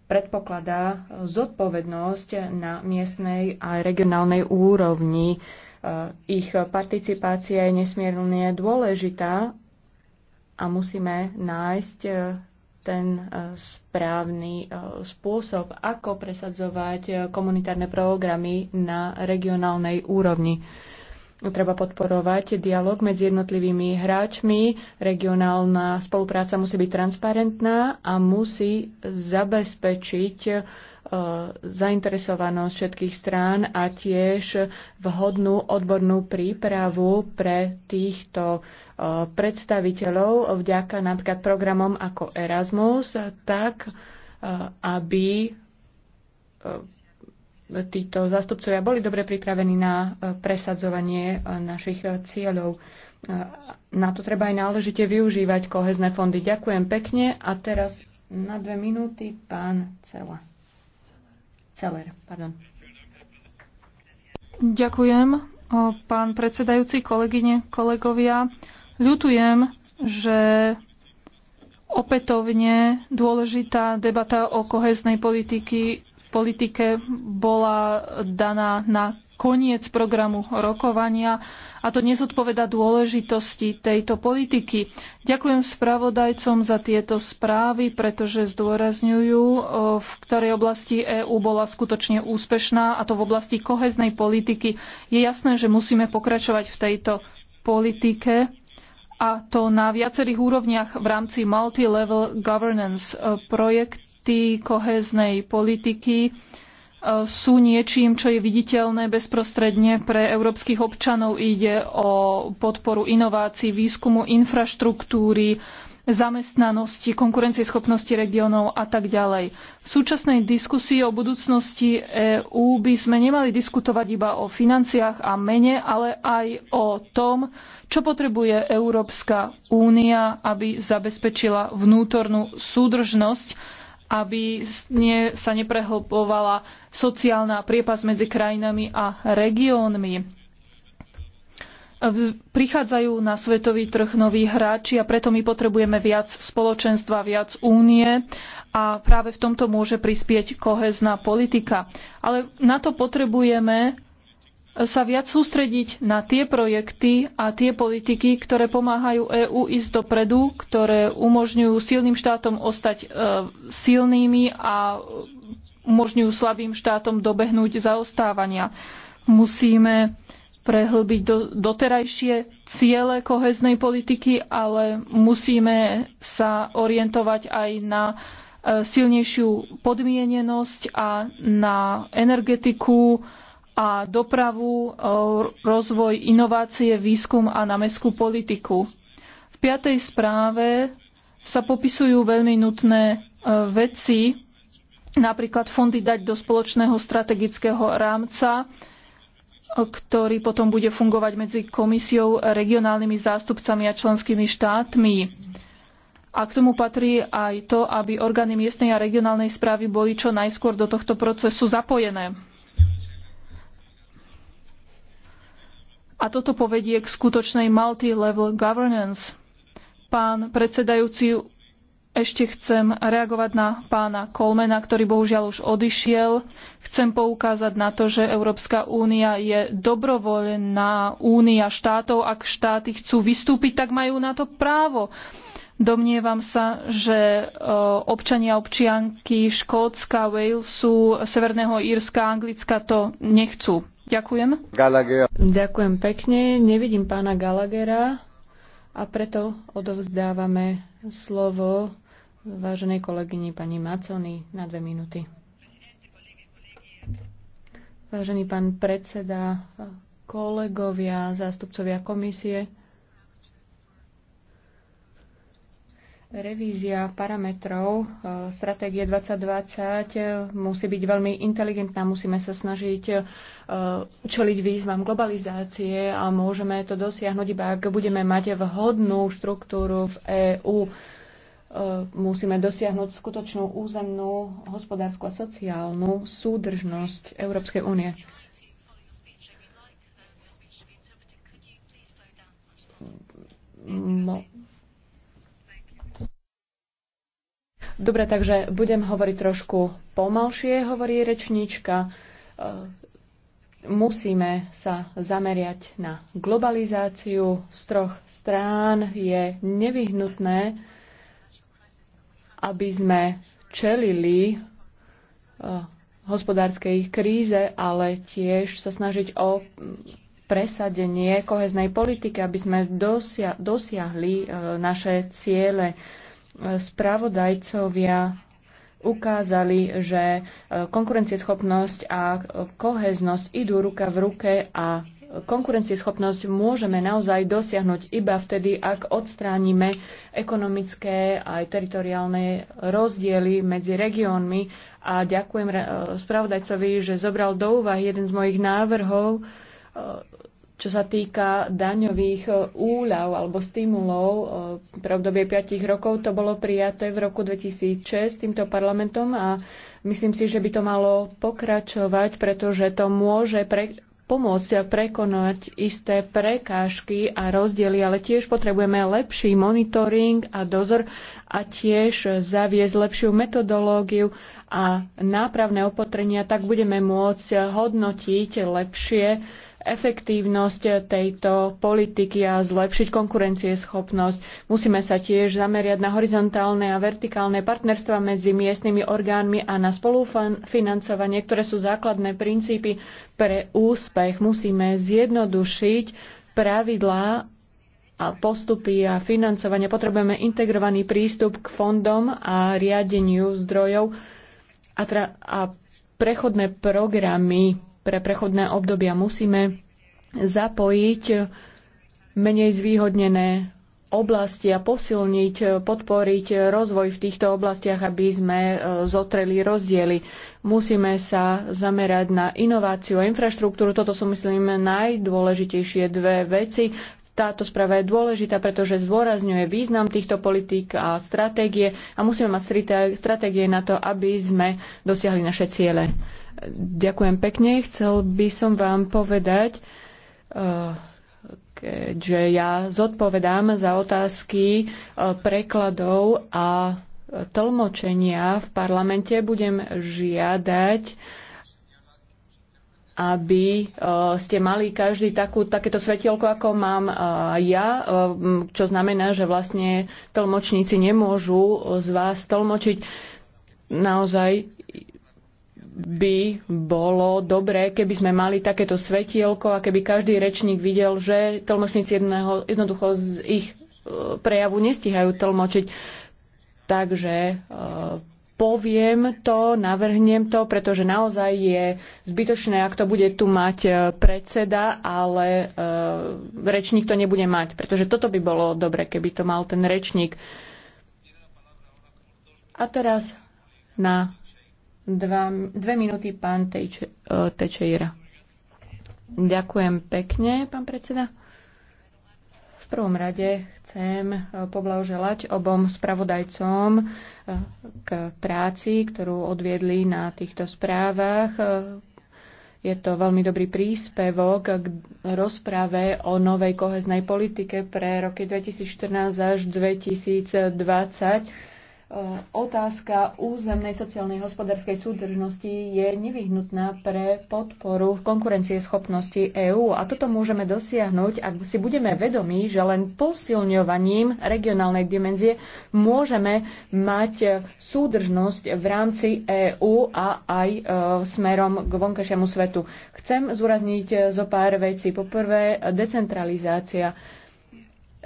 E: predpokladá zodpovednosť na miestnej a regionálnej úrovni. Eh, ich participácia je nesmierne dôležitá a musíme nájsť e, ten e, správny e, spôsob, ako presadzovať komunitárne programy na regionálnej úrovni. Treba podporovať dialog medzi jednotlivými hráčmi, regionálna spolupráca musí byť transparentná a musí zabezpečiť E, zainteresovanosť všetkých strán a tiež vhodnú odbornú prípravu pre týchto e, predstaviteľov vďaka napríklad programom ako Erasmus, tak e, aby títo zastupcovia boli dobre pripravení na presadzovanie našich cieľov na to treba aj náležite využívať kohezné fondy. Ďakujem pekne a teraz na dve minúty pán Cela. Celer, pardon.
C: Ďakujem, pán predsedajúci, kolegyne, kolegovia. Ľutujem, že opätovne dôležitá debata o koheznej politiky, politike bola daná na koniec programu rokovania a to nezodpoveda dôležitosti tejto politiky. Ďakujem spravodajcom za tieto správy, pretože zdôrazňujú, v ktorej oblasti EÚ bola skutočne úspešná, a to v oblasti koheznej politiky. Je jasné, že musíme pokračovať v tejto politike a to na viacerých úrovniach v rámci multi-level governance. E, projekt projekty koheznej politiky e, sú niečím, čo je viditeľné bezprostredne pre európskych občanov. Ide o podporu inovácií, výskumu, infraštruktúry, zamestnanosti, konkurencieschopnosti regiónov a tak ďalej. V súčasnej diskusii o budúcnosti EÚ by sme nemali diskutovať iba o financiách a mene, ale aj o tom, čo potrebuje Európska únia, aby zabezpečila vnútornú súdržnosť aby nie, sa neprehlbovala sociálna priepas medzi krajinami a regiónmi. Prichádzajú na svetový trh noví hráči a preto my potrebujeme viac spoločenstva, viac únie a práve v tomto môže prispieť kohezná politika. Ale na to potrebujeme sa viac sústrediť na tie projekty a tie politiky, ktoré pomáhajú EÚ ísť dopredu, ktoré umožňujú silným štátom ostať e, silnými a umožňujú slabým štátom dobehnúť zaostávania. Musíme prehlbiť do, doterajšie ciele koheznej politiky, ale musíme sa orientovať aj na e, silnejšiu podmienenosť a na energetiku, a dopravu, e, rozvoj, inovácie, výskum a námestskú politiku. V piatej správe sa popisujú veľmi nutné e, veci, napríklad fondy dať do spoločného strategického rámca, e, ktorý potom bude fungovať medzi komisiou, regionálnymi zástupcami a členskými štátmi. A k tomu patrí aj to, aby orgány miestnej a regionálnej správy boli čo najskôr do tohto procesu zapojené. a toto povedie k skutočnej multi-level governance. Pán predsedajúci, ešte chcem reagovať na pána Kolmena, ktorý bohužiaľ už odišiel. Chcem poukázať na to, že Európska únia je dobrovoľná únia štátov. Ak štáty chcú vystúpiť, tak majú na to právo. Domnievam sa, že e, občania občianky Škótska, Walesu, Severného Írska, Anglicka to nechcú.
E: Ďakujem. Gallagher. Ďakujem pekne. Nevidím pána Gallaghera a preto odovzdávame slovo váženej kolegyni pani Maconi na dve minúty. Vážený pán predseda, kolegovia, zástupcovia komisie, Revízia parametrov e, stratégie 2020 e, musí byť veľmi inteligentná. Musíme sa snažiť e, čeliť výzvam globalizácie a môžeme to dosiahnuť iba, ak budeme mať vhodnú štruktúru v EÚ. Musíme dosiahnuť skutočnú územnú, hospodárskú a sociálnu súdržnosť Európskej únie. Mo- no, Dobre, takže budem hovoriť trošku pomalšie, hovorí rečníčka. E, musíme sa zameriať na globalizáciu z troch strán. Je nevyhnutné, aby sme čelili e, hospodárskej kríze, ale tiež sa snažiť o presadenie koheznej politiky, aby sme dosia- dosiahli e, naše ciele spravodajcovia ukázali, že e, konkurencieschopnosť a e, koheznosť idú ruka v ruke a konkurencieschopnosť môžeme naozaj dosiahnuť iba vtedy, ak odstránime ekonomické aj teritoriálne rozdiely medzi regiónmi. A ďakujem e, spravodajcovi, že zobral do úvahy jeden z mojich návrhov čo sa týka daňových e, úľav alebo stimulov e, pre obdobie 5 rokov, to bolo prijaté v roku 2006 týmto parlamentom a myslím si, že by to malo pokračovať, pretože to môže pre, pomôcť prekonať isté prekážky a rozdiely, ale tiež potrebujeme lepší monitoring a dozor a tiež zaviesť lepšiu metodológiu a nápravné opatrenia, tak budeme môcť hodnotiť lepšie efektívnosť tejto politiky a zlepšiť konkurencieschopnosť. Musíme sa tiež zameriať na horizontálne a vertikálne partnerstva medzi miestnymi orgánmi a na spolufinancovanie, ktoré sú základné princípy pre úspech. Musíme zjednodušiť pravidlá a postupy a financovanie. Potrebujeme integrovaný prístup k fondom a riadeniu zdrojov a, a prechodné programy pre prechodné obdobia. Musíme zapojiť menej zvýhodnené oblasti a posilniť, podporiť rozvoj v týchto oblastiach, aby sme e, zotreli rozdiely. Musíme sa zamerať na inováciu a infraštruktúru. Toto sú, myslím, najdôležitejšie dve veci. Táto správa je dôležitá, pretože zdôrazňuje význam týchto politík a stratégie a musíme mať stratégie na to, aby sme dosiahli naše ciele. Ďakujem pekne. Chcel by som vám povedať, eh, že ja zodpovedám za otázky eh, prekladov a tlmočenia v parlamente. Budem žiadať, aby eh, ste mali každý takú, takéto svetielko, ako mám ja, čo znamená, že vlastne tlmočníci nemôžu z vás tlmočiť. Naozaj by bolo dobré, keby sme mali takéto svetielko a keby každý rečník videl, že tlmočníci jedného, jednoducho z ich e, prejavu nestihajú tlmočiť. Takže e, poviem to, navrhnem to, pretože naozaj je zbytočné, ak to bude tu mať e, predseda, ale rečník to nebude mať, pretože toto by bolo dobré, keby to mal ten rečník. A teraz na Dva, dve minúty pán Tejče, Tečeira. Ďakujem pekne, pán predseda. V prvom rade chcem e, poblahoželať obom spravodajcom e, k práci, ktorú odviedli na týchto správach. E, je to veľmi dobrý príspevok k rozprave o novej koheznej politike pre roky 2014 až 2020 otázka územnej sociálnej hospodárskej súdržnosti je nevyhnutná pre podporu konkurencieschopnosti EÚ. A toto môžeme dosiahnuť, ak si budeme vedomí, že len posilňovaním regionálnej dimenzie môžeme mať súdržnosť v rámci EÚ a aj e, smerom k vonkajšiemu svetu. Chcem zúrazniť zo pár vecí. Poprvé, decentralizácia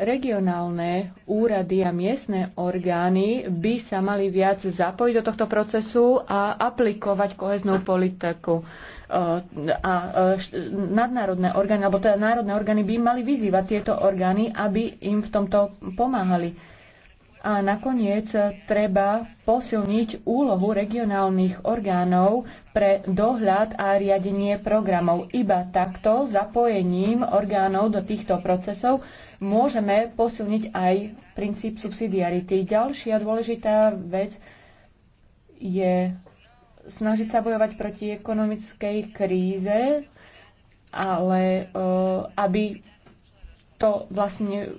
E: regionálne úrady a miestne orgány by sa mali viac zapojiť do tohto procesu a aplikovať koheznú politiku. E, a e, nadnárodné orgány, alebo teda národné orgány by mali vyzývať tieto orgány, aby im v tomto pomáhali. A nakoniec treba posilniť úlohu regionálnych orgánov pre dohľad a riadenie programov. Iba takto zapojením orgánov do týchto procesov môžeme posilniť aj princíp subsidiarity. Ďalšia dôležitá vec je snažiť sa bojovať proti ekonomickej kríze, ale eh, aby to vlastne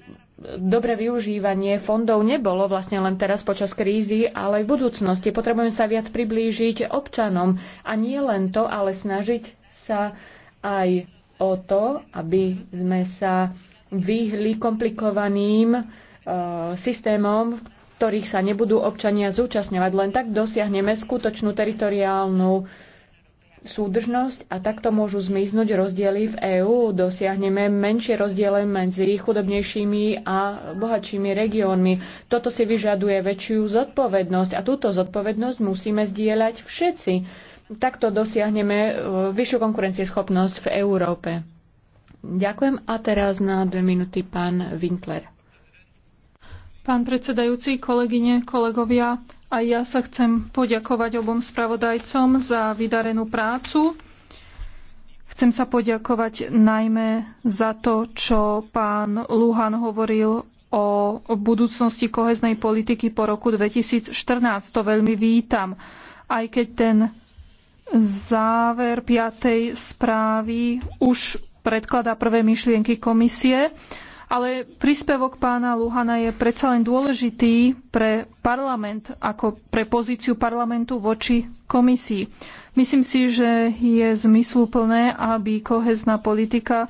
E: dobre využívanie fondov nebolo vlastne len teraz počas krízy, ale aj v budúcnosti. Potrebujeme sa viac priblížiť občanom a nie len to, ale snažiť sa aj o to, aby sme sa vyhli komplikovaným e, systémom, v ktorých sa nebudú občania zúčastňovať. Len tak dosiahneme skutočnú teritoriálnu súdržnosť a takto môžu zmiznúť rozdiely v EÚ. Dosiahneme menšie rozdiely medzi chudobnejšími a bohatšími regiónmi. Toto si vyžaduje väčšiu zodpovednosť a túto zodpovednosť musíme zdieľať všetci. Takto dosiahneme e, vyššiu konkurencieschopnosť v Európe. Ďakujem a teraz na dve minúty pán Winkler.
C: Pán predsedajúci, kolegyne, kolegovia, aj ja sa chcem poďakovať obom spravodajcom za vydarenú prácu. Chcem sa poďakovať najmä za to, čo pán Luhan hovoril o budúcnosti koheznej politiky po roku 2014. To veľmi vítam. Aj keď ten záver piatej správy už predkladá prvé myšlienky komisie, ale príspevok pána Luhana je predsa len dôležitý pre parlament, ako pre pozíciu parlamentu voči komisii. Myslím si, že je zmysluplné, aby kohezná politika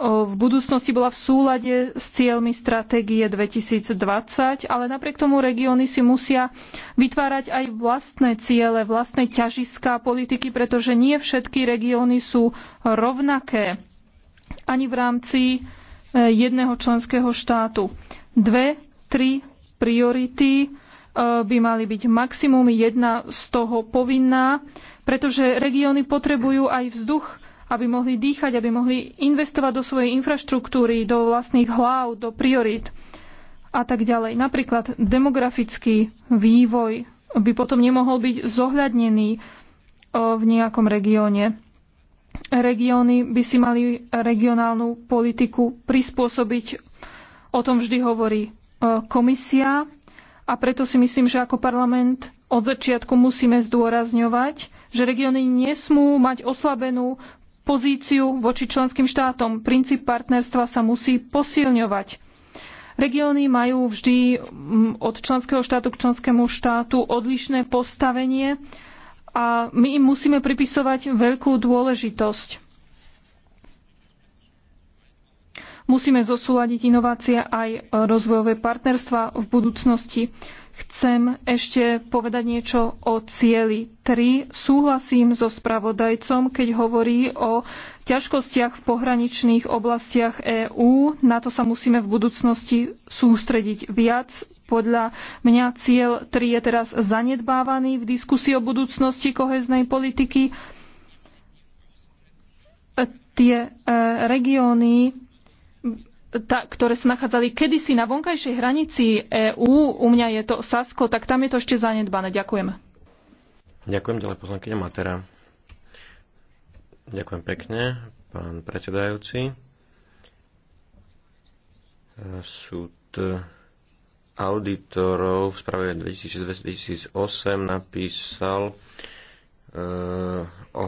C: v budúcnosti bola v súlade s cieľmi stratégie 2020, ale napriek tomu regióny si musia vytvárať aj vlastné ciele, vlastné ťažiská politiky, pretože nie všetky regióny sú rovnaké ani v rámci e, jedného členského štátu. Dve, tri priority e, by mali byť maximum, jedna z toho povinná, pretože regióny potrebujú aj vzduch, aby mohli dýchať, aby mohli investovať do svojej infraštruktúry, do vlastných hlav, do priorit a tak ďalej. Napríklad demografický vývoj by potom nemohol byť zohľadnený e, v nejakom regióne regióny by si mali regionálnu politiku prispôsobiť. O tom vždy hovorí e, komisia a preto si myslím, že ako parlament od začiatku musíme zdôrazňovať, že regióny nesmú mať oslabenú pozíciu voči členským štátom. Princíp partnerstva sa musí posilňovať. Regióny majú vždy od členského štátu k členskému štátu odlišné postavenie a my im musíme pripisovať veľkú dôležitosť. Musíme zosúľadiť inovácie aj rozvojové partnerstva v budúcnosti. Chcem ešte povedať niečo o cieli 3. Súhlasím so spravodajcom, keď hovorí o ťažkostiach v pohraničných oblastiach EÚ. Na to sa musíme v budúcnosti sústrediť viac. Podľa mňa cieľ 3 je teraz zanedbávaný v diskusii o budúcnosti koheznej politiky. Tie e, regióny, ktoré sa nachádzali kedysi na vonkajšej hranici EÚ, u mňa je to Sasko, tak tam je to ešte zanedbané. Ďakujem.
D: Ďakujem ďalej poslankyňa Matera. Ďakujem pekne, pán predsedajúci. Súd auditorov v správe 2006-2008 napísal uh, o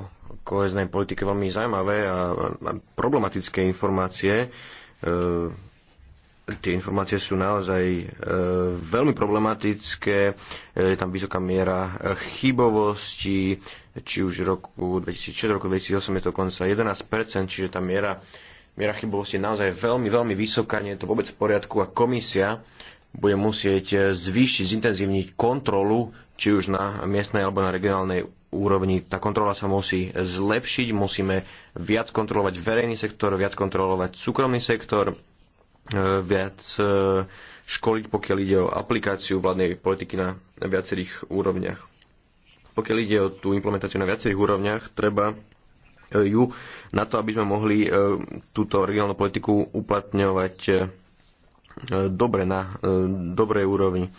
D: koheznej politike veľmi zaujímavé a, a problematické informácie. Uh, tie informácie sú naozaj uh, veľmi problematické. Je tam vysoká miera chybovosti, či už roku 2006, roku 2008 je to dokonca 11%, čiže tá miera, miera chybovosti je naozaj veľmi, veľmi vysoká, nie je to vôbec v poriadku a komisia bude musieť eh, zvýšiť, zintenzívniť kontrolu, či už na miestnej alebo na regionálnej úrovni. Tá kontrola sa musí zlepšiť, musíme viac kontrolovať verejný sektor, viac kontrolovať súkromný sektor, eh, viac eh, školiť, pokiaľ ide o aplikáciu vládnej politiky na viacerých úrovniach. Pokiaľ ide o tú implementáciu na viacerých úrovniach, treba ju na to, aby sme mohli túto regionálnu politiku uplatňovať E, dobre na e, dobrej úrovni. E,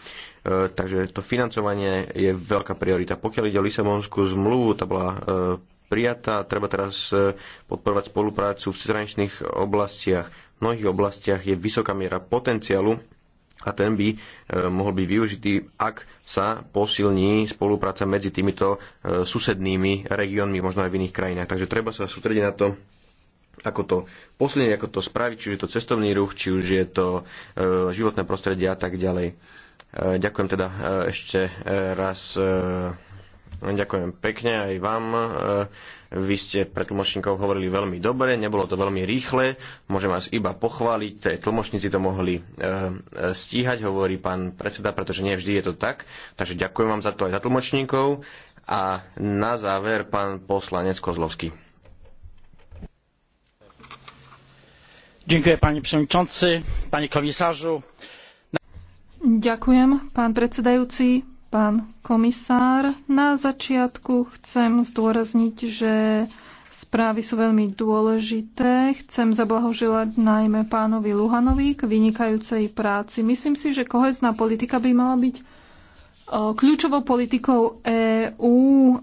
D: takže to financovanie je veľká priorita. Pokiaľ ide o Lisabonskú zmluvu, tá bola prijatá, treba teraz podporovať spoluprácu v zahraničných oblastiach. V mnohých oblastiach je vysoká miera potenciálu a ten by mohol byť využitý, ak sa posilní spolupráca medzi týmito susednými regiónmi, možno aj v iných krajinách. Takže treba sa sústrediť na to, ako to posilniť, ako to spraviť, či už je to cestovný ruch, či už je to e, životné prostredie a tak ďalej. E, ďakujem teda e, ešte e, raz. E, Ďakujem pekne aj vám. E, vy ste pre tlmočníkov hovorili veľmi dobre, nebolo to veľmi rýchle, môžem vás iba pochváliť, tie tlmočníci to mohli e, stíhať, hovorí pán predseda, pretože nie vždy je to tak. Takže ďakujem vám za to aj za tlmočníkov. A na záver pán poslanec Kozlovský.
F: panie przewodniczący panie komisarzu!
C: ďakujem pán predsedajúci pán komisár na začiatku chcem zdôrazniť že správy sú veľmi dôležité chcem zablahoželať najmä pánovi luhanovi k vynikajúcej práci myslím si že kohézna politika by mala byť Kľúčovou politikou EÚ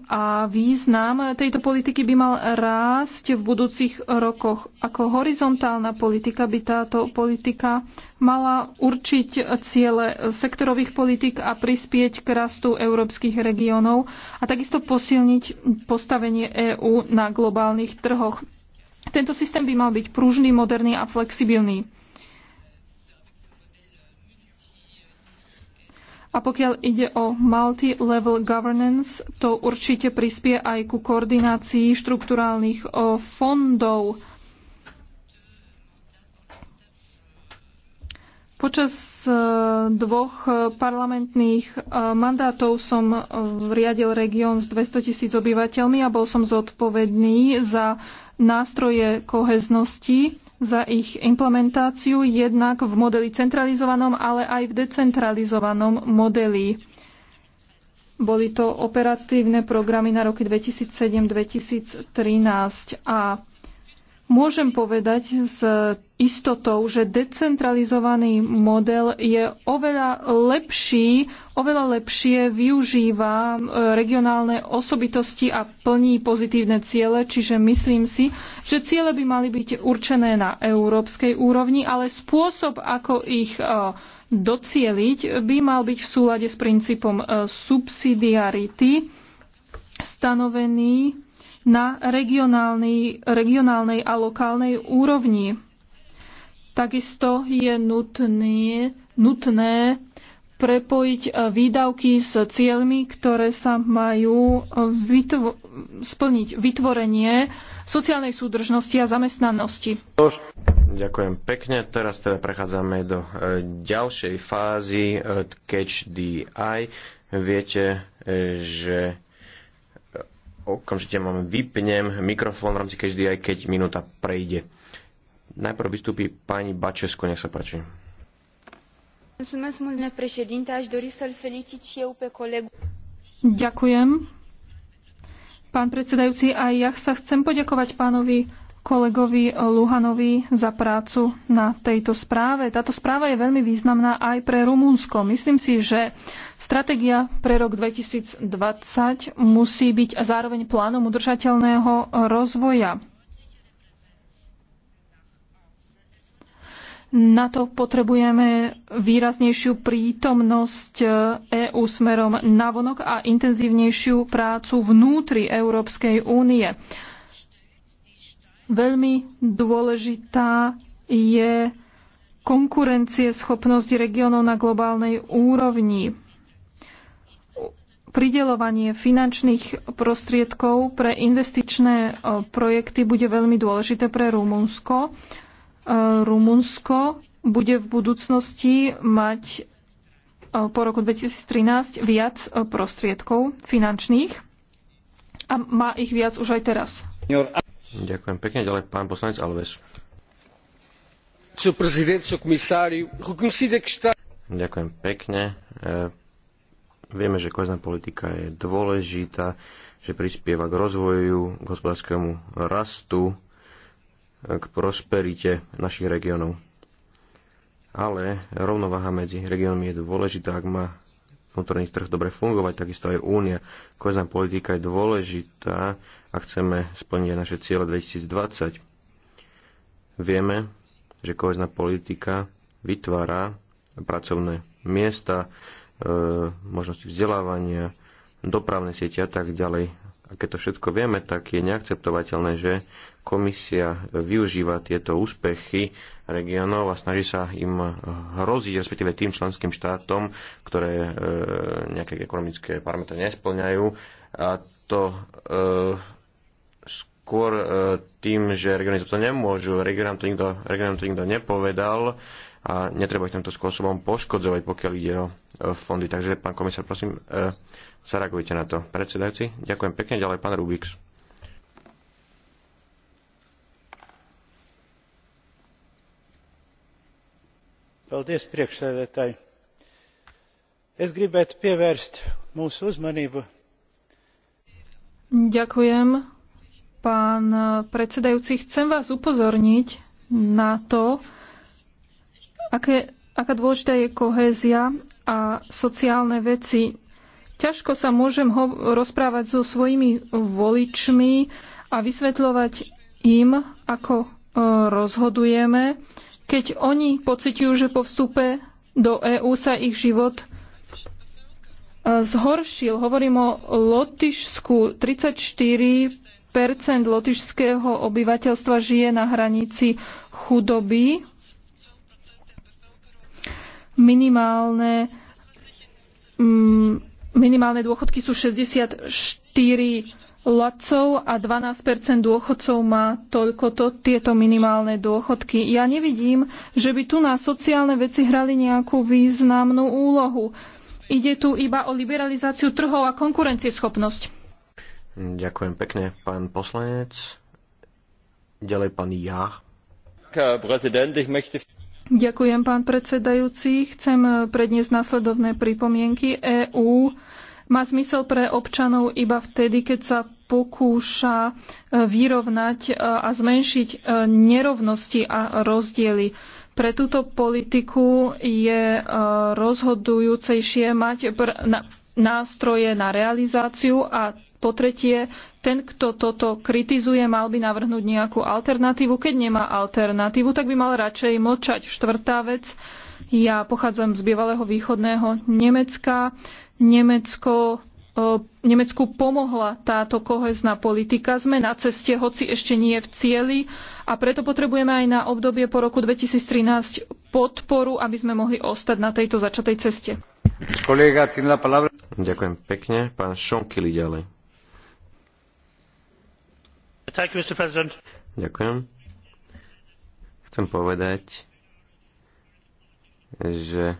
C: a význam tejto politiky by mal rásť v budúcich rokoch. Ako horizontálna politika by táto politika mala určiť ciele sektorových politik a prispieť k rastu európskych regiónov a takisto posilniť postavenie EÚ na globálnych trhoch. Tento systém by mal byť pružný, moderný a flexibilný. A pokiaľ ide o multi-level governance, to určite prispie aj ku koordinácii štrukturálnych fondov. Počas e, dvoch e, parlamentných e, mandátov som riadil región s 200 tisíc obyvateľmi a bol som zodpovedný za nástroje koheznosti za ich implementáciu jednak v modeli centralizovanom, ale aj v decentralizovanom modeli. Boli to operatívne programy na roky 2007-2013 a môžem povedať z istotou, že decentralizovaný model je oveľa lepší, oveľa lepšie využíva e, regionálne osobitosti a plní pozitívne ciele, čiže myslím si, že ciele by mali byť určené na európskej úrovni, ale spôsob, ako ich e, docieliť, by mal byť v súlade s princípom e, subsidiarity stanovený na regionálnej a lokálnej úrovni. Takisto je nutné, nutné prepojiť e, výdavky s cieľmi, ktoré sa majú e, vytvo- splniť vytvorenie sociálnej súdržnosti a zamestnanosti.
D: Ďakujem pekne. Teraz teda prechádzame do e, ďalšej fázy Catch the Eye. Viete, že okamžite mám vypnem mikrofón v rámci Catch the Eye, keď minúta prejde. Najprv vystúpi pani Bačesko, nech sa páči.
C: Ďakujem. Pán predsedajúci, aj ja sa chcem poďakovať pánovi kolegovi Luhanovi za prácu na tejto správe. Táto správa je veľmi významná aj pre Rumunsko. Myslím si, že stratégia pre rok 2020 musí byť zároveň plánom udržateľného rozvoja. Na to potrebujeme výraznejšiu prítomnosť EÚ e smerom navonok a intenzívnejšiu prácu vnútri Európskej únie. Veľmi dôležitá je schopnosť regiónov na globálnej úrovni. Pridelovanie finančných prostriedkov pre investičné e, projekty bude veľmi dôležité pre Rumunsko E, Rumunsko bude v budúcnosti mať e, po roku 2013 viac e, prostriedkov finančných a má ich viac už aj teraz.
D: Ďakujem pekne. Ďalej pán poslanec Alves. Ďakujem pekne. Vieme, že kozná politika je dôležitá, že prispieva k rozvoju, k hospodárskému rastu, k prosperite našich regiónov. Ale rovnováha medzi regiónmi je dôležitá, ak má vnútorný trh dobre fungovať, takisto aj únia. Kozná politika je dôležitá, ak chceme splniť naše ciele 2020. Vieme, že kozná politika vytvára pracovné miesta, e, možnosti vzdelávania, dopravné siete a tak ďalej. A keď to všetko vieme, tak je neakceptovateľné, že komisia využíva tieto úspechy regiónov a snaží sa im hroziť, respektíve tým členským štátom, ktoré e, nejaké ekonomické parametre nesplňajú. A to e, skôr e, tým, že regióny za to nemôžu. Regionám to nikto, regionám to nikto nepovedal a netreba ich týmto spôsobom poškodzovať, pokiaľ ide o fondy. Takže, pán komisár, prosím, zareagujte na to. Predsedajúci, ďakujem pekne. Ďalej pán Rubix.
A: Paldies, priekšsēdētāji. Es gribētu pievērst mūsu uzmanību.
C: Ďakujem, pán eh, predsedajúci. Chcem vás upozorniť na to, aké, aká dôležitá je kohézia a sociálne veci Ťažko sa môžem ho- rozprávať so svojimi voličmi a vysvetľovať im, ako e, rozhodujeme, keď oni pocitujú, že po vstupe do EÚ sa ich život e, zhoršil. Hovorím o Lotyšsku. 34 percent lotyšského obyvateľstva žije na hranici chudoby. Minimálne mm, Minimálne dôchodky sú 64 lacov a 12 dôchodcov má to, tieto minimálne dôchodky. Ja nevidím, že by tu na sociálne veci hrali nejakú významnú úlohu. Ide tu iba o liberalizáciu trhov a konkurencieschopnosť.
D: Ďakujem pekne, pán poslanec. Ďalej pán
F: Jach. Herr Präsident, ich möchte
C: Ďakujem, pán predsedajúci. Chcem eh, predniesť následovné pripomienky. EÚ má zmysel pre občanov iba vtedy, keď sa pokúša eh, vyrovnať eh, a zmenšiť nerovnosti a rozdiely. Pre túto politiku je rozhodujúcejšie mať nástroje na realizáciu a po tretie, ten, kto toto kritizuje, mal by navrhnúť nejakú alternatívu. Keď nemá alternatívu, tak by mal radšej mlčať. Štvrtá vec, ja pochádzam z bývalého východného Nemecka. Nemecko e, Nemecku pomohla táto kohezná politika. Sme na ceste, hoci ešte nie v cieli a preto potrebujeme aj na obdobie po roku 2013 podporu, aby sme mohli ostať na tejto začatej ceste.
D: Ďakujem pekne. Pán Šonkili ďalej.
A: Ďakujem.
D: Chcem povedať, že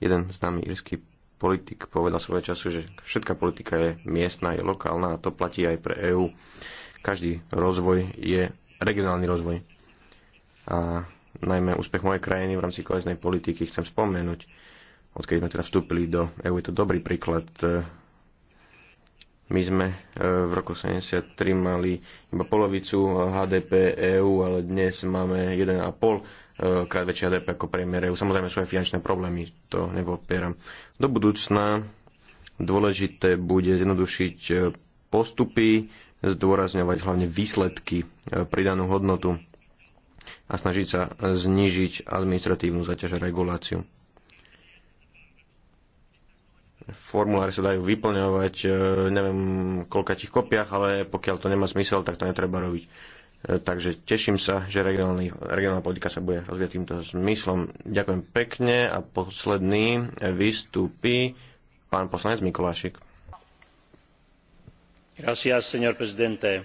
D: jeden známy írsky politik povedal svoje času, že všetká politika je miestna, je lokálna a to platí aj pre EÚ. Každý rozvoj je regionálny rozvoj. A najmä úspech mojej krajiny v rámci koheznej politiky chcem spomenúť. Odkedy sme teda vstúpili do EÚ, je to dobrý príklad eh, my sme e, v roku 73 mali iba polovicu e, HDP EÚ, ale dnes máme 1,5 e, krát väčšie HDP ako priemer EÚ. Samozrejme sú aj finančné problémy, to neopieram. Do budúcna dôležité bude zjednodušiť postupy, zdôrazňovať hlavne výsledky, pridanú hodnotu a snažiť sa znižiť administratívnu zaťaž a reguláciu formuláre sa dajú vyplňovať, e, neviem koľka tých kopiach, ale pokiaľ to nemá zmysel, tak to netreba robiť. E, takže teším sa, že regionálny, regionálna politika sa bude rozvíjať týmto zmyslom. Ďakujem pekne a posledný vystúpi pán poslanec Mikulášik.
F: Gracias, señor presidente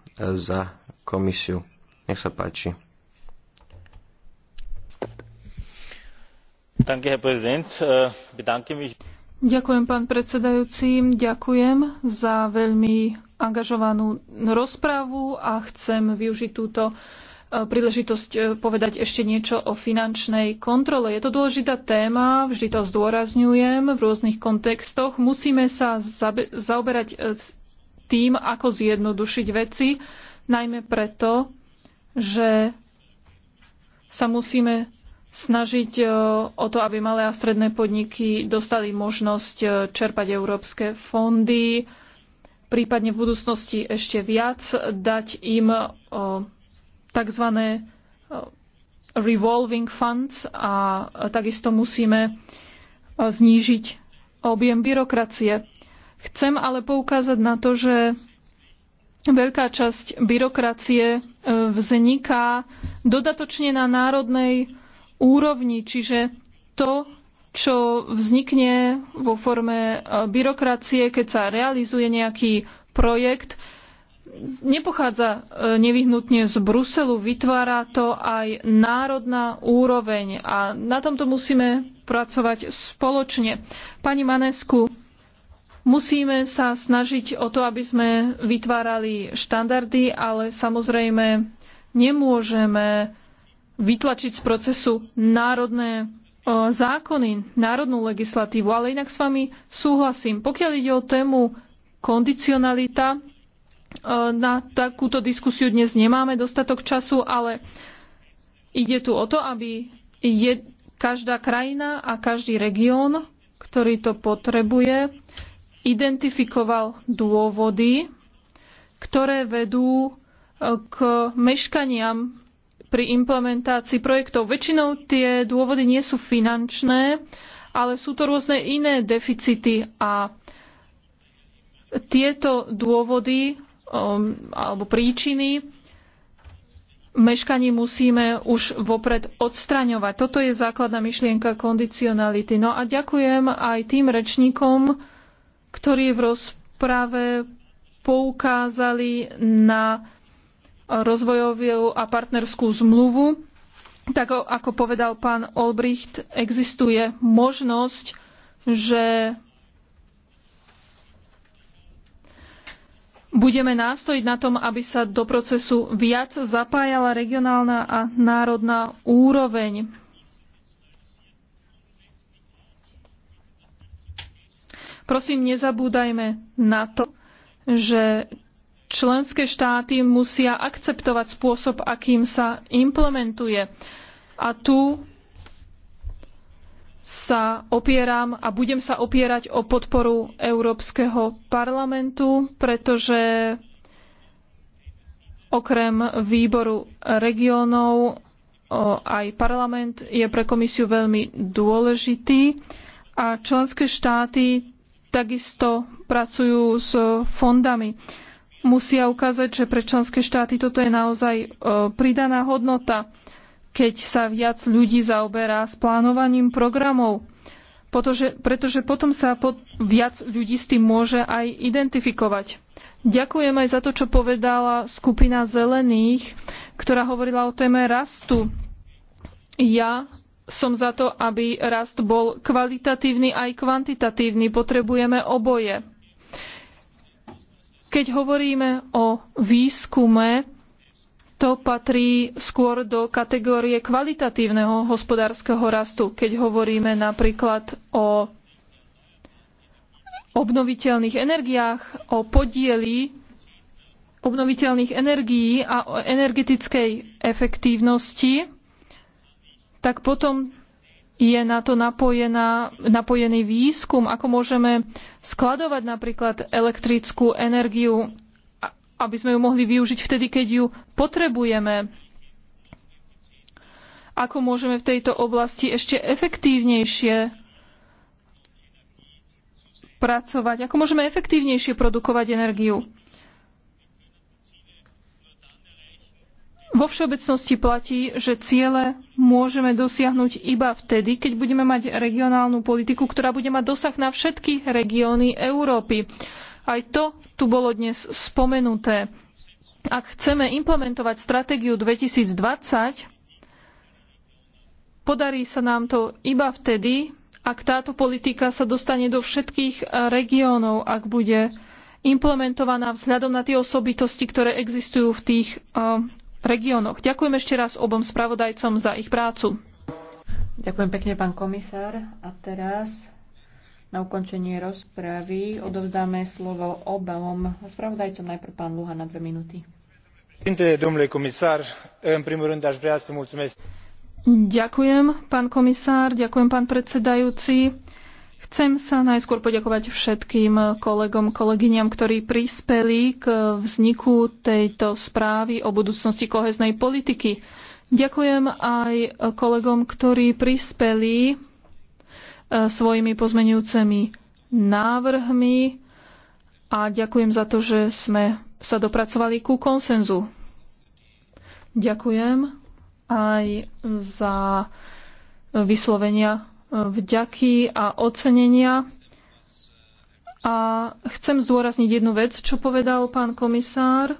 D: za komisiu.
F: Nech sa páči. Äh,
C: Ďakujem, pán predsedajúci. Ďakujem za veľmi angažovanú rozprávu a chcem využiť túto äh, príležitosť äh, povedať ešte niečo o finančnej kontrole. Je to dôležitá téma, vždy to zdôrazňujem v rôznych kontextoch. Musíme sa zaoberať tým, ako zjednodušiť veci, najmä preto, že sa musíme snažiť e, o to, aby malé a stredné podniky dostali možnosť e, čerpať európske fondy, prípadne v budúcnosti ešte viac, dať im e, tzv. revolving funds a takisto musíme znížiť objem byrokracie. Chcem ale poukázať na to, že veľká časť byrokracie e, vzniká dodatočne na národnej úrovni, čiže to, čo vznikne vo forme e, byrokracie, keď sa realizuje nejaký projekt, nepochádza e, nevyhnutne z Bruselu, vytvára to aj národná úroveň a na tomto musíme pracovať spoločne. Pani Manesku, Musíme sa snažiť o to, aby sme vytvárali štandardy, ale samozrejme nemôžeme vytlačiť z procesu národné e, zákony, národnú legislatívu. Ale inak s vami súhlasím. Pokiaľ ide o tému kondicionalita, e, na takúto diskusiu dnes nemáme dostatok času, ale ide tu o to, aby je každá krajina a každý región, ktorý to potrebuje, identifikoval dôvody, ktoré vedú e, k meškaniam pri implementácii projektov. Väčšinou tie dôvody nie sú finančné, ale sú to rôzne iné deficity a tieto dôvody um, alebo príčiny meškaní musíme už vopred odstraňovať. Toto je základná myšlienka kondicionality. No a ďakujem aj tým rečníkom, ktorí v rozprave poukázali na rozvojovú a partnerskú zmluvu. Tak ako povedal pán Olbricht, existuje možnosť, že budeme nástojiť na tom, aby sa do procesu viac zapájala regionálna a národná úroveň. Prosím, nezabúdajme na to, že členské štáty musia akceptovať spôsob, akým sa implementuje. A tu sa opieram a budem sa opierať o podporu Európskeho parlamentu, pretože okrem výboru regiónov aj parlament je pre komisiu veľmi dôležitý a členské štáty takisto pracujú s fondami. Musia ukázať, že pre členské štáty toto je naozaj e, pridaná hodnota, keď sa viac ľudí zaoberá s plánovaním programov. Pretože, pretože potom sa pod, viac ľudí s tým môže aj identifikovať. Ďakujem aj za to, čo povedala skupina zelených, ktorá hovorila o téme rastu. Ja som za to, aby rast bol kvalitatívny aj kvantitatívny. Potrebujeme oboje. Keď hovoríme o výskume, to patrí skôr do kategórie kvalitatívneho hospodárskeho rastu, keď hovoríme napríklad o obnoviteľných energiách, o podieli obnoviteľných energií a o energetickej efektívnosti tak potom je na to napojená, napojený výskum, ako môžeme skladovať napríklad elektrickú energiu, aby sme ju mohli využiť vtedy, keď ju potrebujeme. Ako môžeme v tejto oblasti ešte efektívnejšie pracovať, ako môžeme efektívnejšie produkovať energiu. Vo všeobecnosti platí, že ciele môžeme dosiahnuť iba vtedy, keď budeme mať regionálnu politiku, ktorá bude mať dosah na všetky regióny Európy. Aj to tu bolo dnes spomenuté. Ak chceme implementovať stratégiu 2020, podarí sa nám to iba vtedy, ak táto politika sa dostane do všetkých regiónov, ak bude implementovaná vzhľadom na tie osobitosti, ktoré existujú v tých eh,
E: regiónoch. Ďakujem ešte raz obom spravodajcom za ich prácu. Ďakujem pekne, pán komisár. A teraz na ukončenie rozpravy odovzdáme slovo obom spravodajcom. Najprv pán Luha na dve minúty. Ďakujem, pán komisár, ďakujem,
C: pán predsedajúci Chcem sa najskôr poďakovať všetkým kolegom, kolegyňam, ktorí prispeli k vzniku tejto správy o budúcnosti koheznej politiky. Ďakujem aj kolegom, ktorí prispeli e, svojimi pozmenujúcemi návrhmi a ďakujem za to, že sme sa dopracovali ku konsenzu. Ďakujem aj za vyslovenia vďaky a ocenenia. A chcem zdôrazniť jednu vec, čo povedal pán komisár.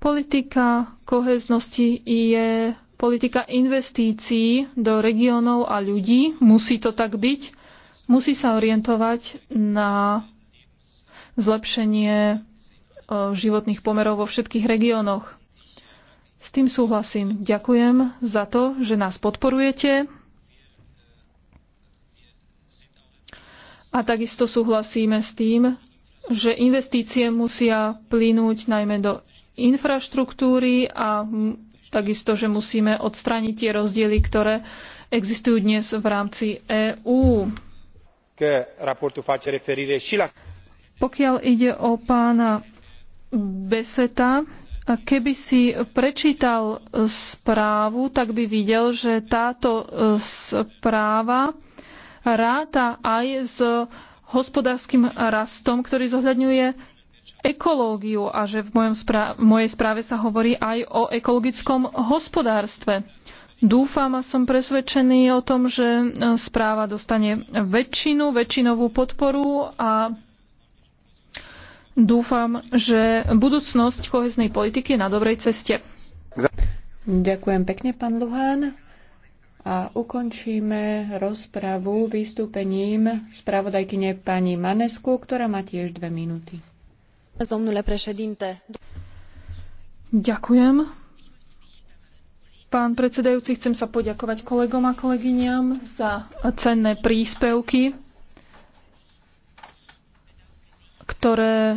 C: Politika koheznosti je politika investícií do regiónov a ľudí. Musí to tak byť. Musí sa orientovať na zlepšenie e, životných pomerov vo všetkých regiónoch. S tým súhlasím. Ďakujem za to, že nás podporujete. A takisto súhlasíme s tým, že investície musia plynúť najmä do infraštruktúry a takisto, že musíme odstrániť tie rozdiely, ktoré existujú dnes v rámci EÚ. Pokiaľ ide o pána Beseta, keby si prečítal správu, tak by videl, že táto e, správa ráta aj s hospodárskym rastom, ktorý zohľadňuje ekológiu a že v mojom správe, mojej správe sa hovorí aj o ekologickom hospodárstve. Dúfam a som presvedčený o tom, že e, správa dostane väčšinu, väčšinovú podporu a dúfam, že budúcnosť koheznej politiky je na dobrej ceste.
E: Ďakujem pekne, pán Luhán a ukončíme rozpravu vystúpením spravodajkyne pani Manesku, ktorá má tiež dve minúty.
C: Ďakujem. Pán predsedajúci, chcem sa poďakovať kolegom a kolegyňam za cenné príspevky ktoré e,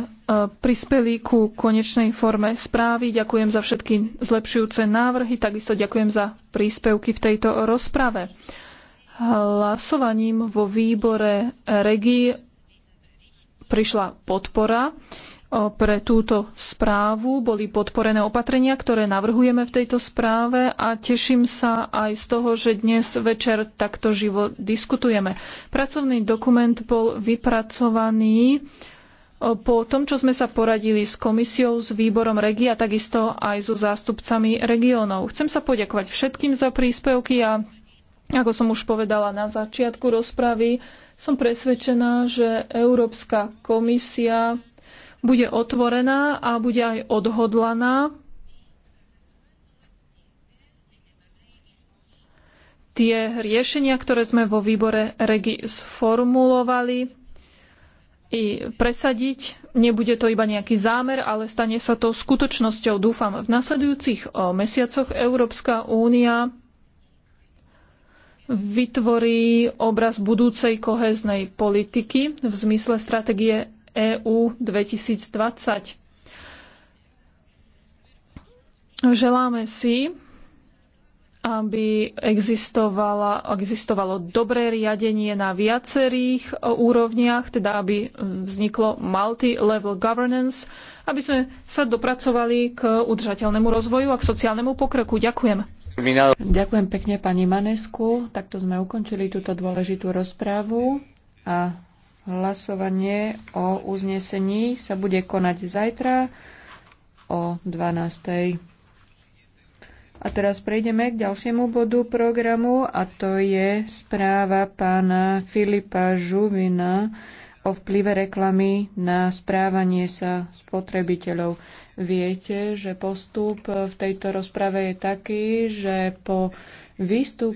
C: prispeli ku konečnej forme správy. Ďakujem za všetky zlepšujúce návrhy, takisto ďakujem za príspevky v tejto rozprave. Hlasovaním vo výbore REGI prišla podpora e, pre túto správu. Boli podporené opatrenia, ktoré navrhujeme v tejto správe a teším sa aj z toho, že dnes večer takto živo diskutujeme. Pracovný dokument bol vypracovaný po tom, čo sme sa poradili s komisiou, s výborom regi a takisto aj so zástupcami regiónov. Chcem sa poďakovať všetkým za príspevky a ako som už povedala na začiatku rozpravy, som presvedčená, že Európska komisia bude otvorená a bude aj odhodlaná tie riešenia, ktoré sme vo výbore REGI sformulovali, i presadiť. Nebude to iba nejaký zámer, ale stane sa to skutočnosťou, dúfam. V nasledujúcich mesiacoch Európska únia vytvorí obraz budúcej kohéznej politiky v zmysle stratégie EÚ 2020. Želáme si, aby existovalo dobré riadenie na viacerých e, úrovniach, teda aby e, vzniklo multi-level governance, aby sme sa dopracovali k udržateľnému rozvoju a k
E: sociálnemu pokroku. Ďakujem. Ďakujem pekne pani Manesku. Takto sme ukončili túto dôležitú rozprávu a hlasovanie o uznesení sa bude konať zajtra o 12. A teraz prejdeme k ďalšiemu bodu programu a to je správa pána Filipa Žuvina o vplyve reklamy na správanie sa spotrebiteľov. Viete, že postup v tejto rozprave je taký, že po výstupu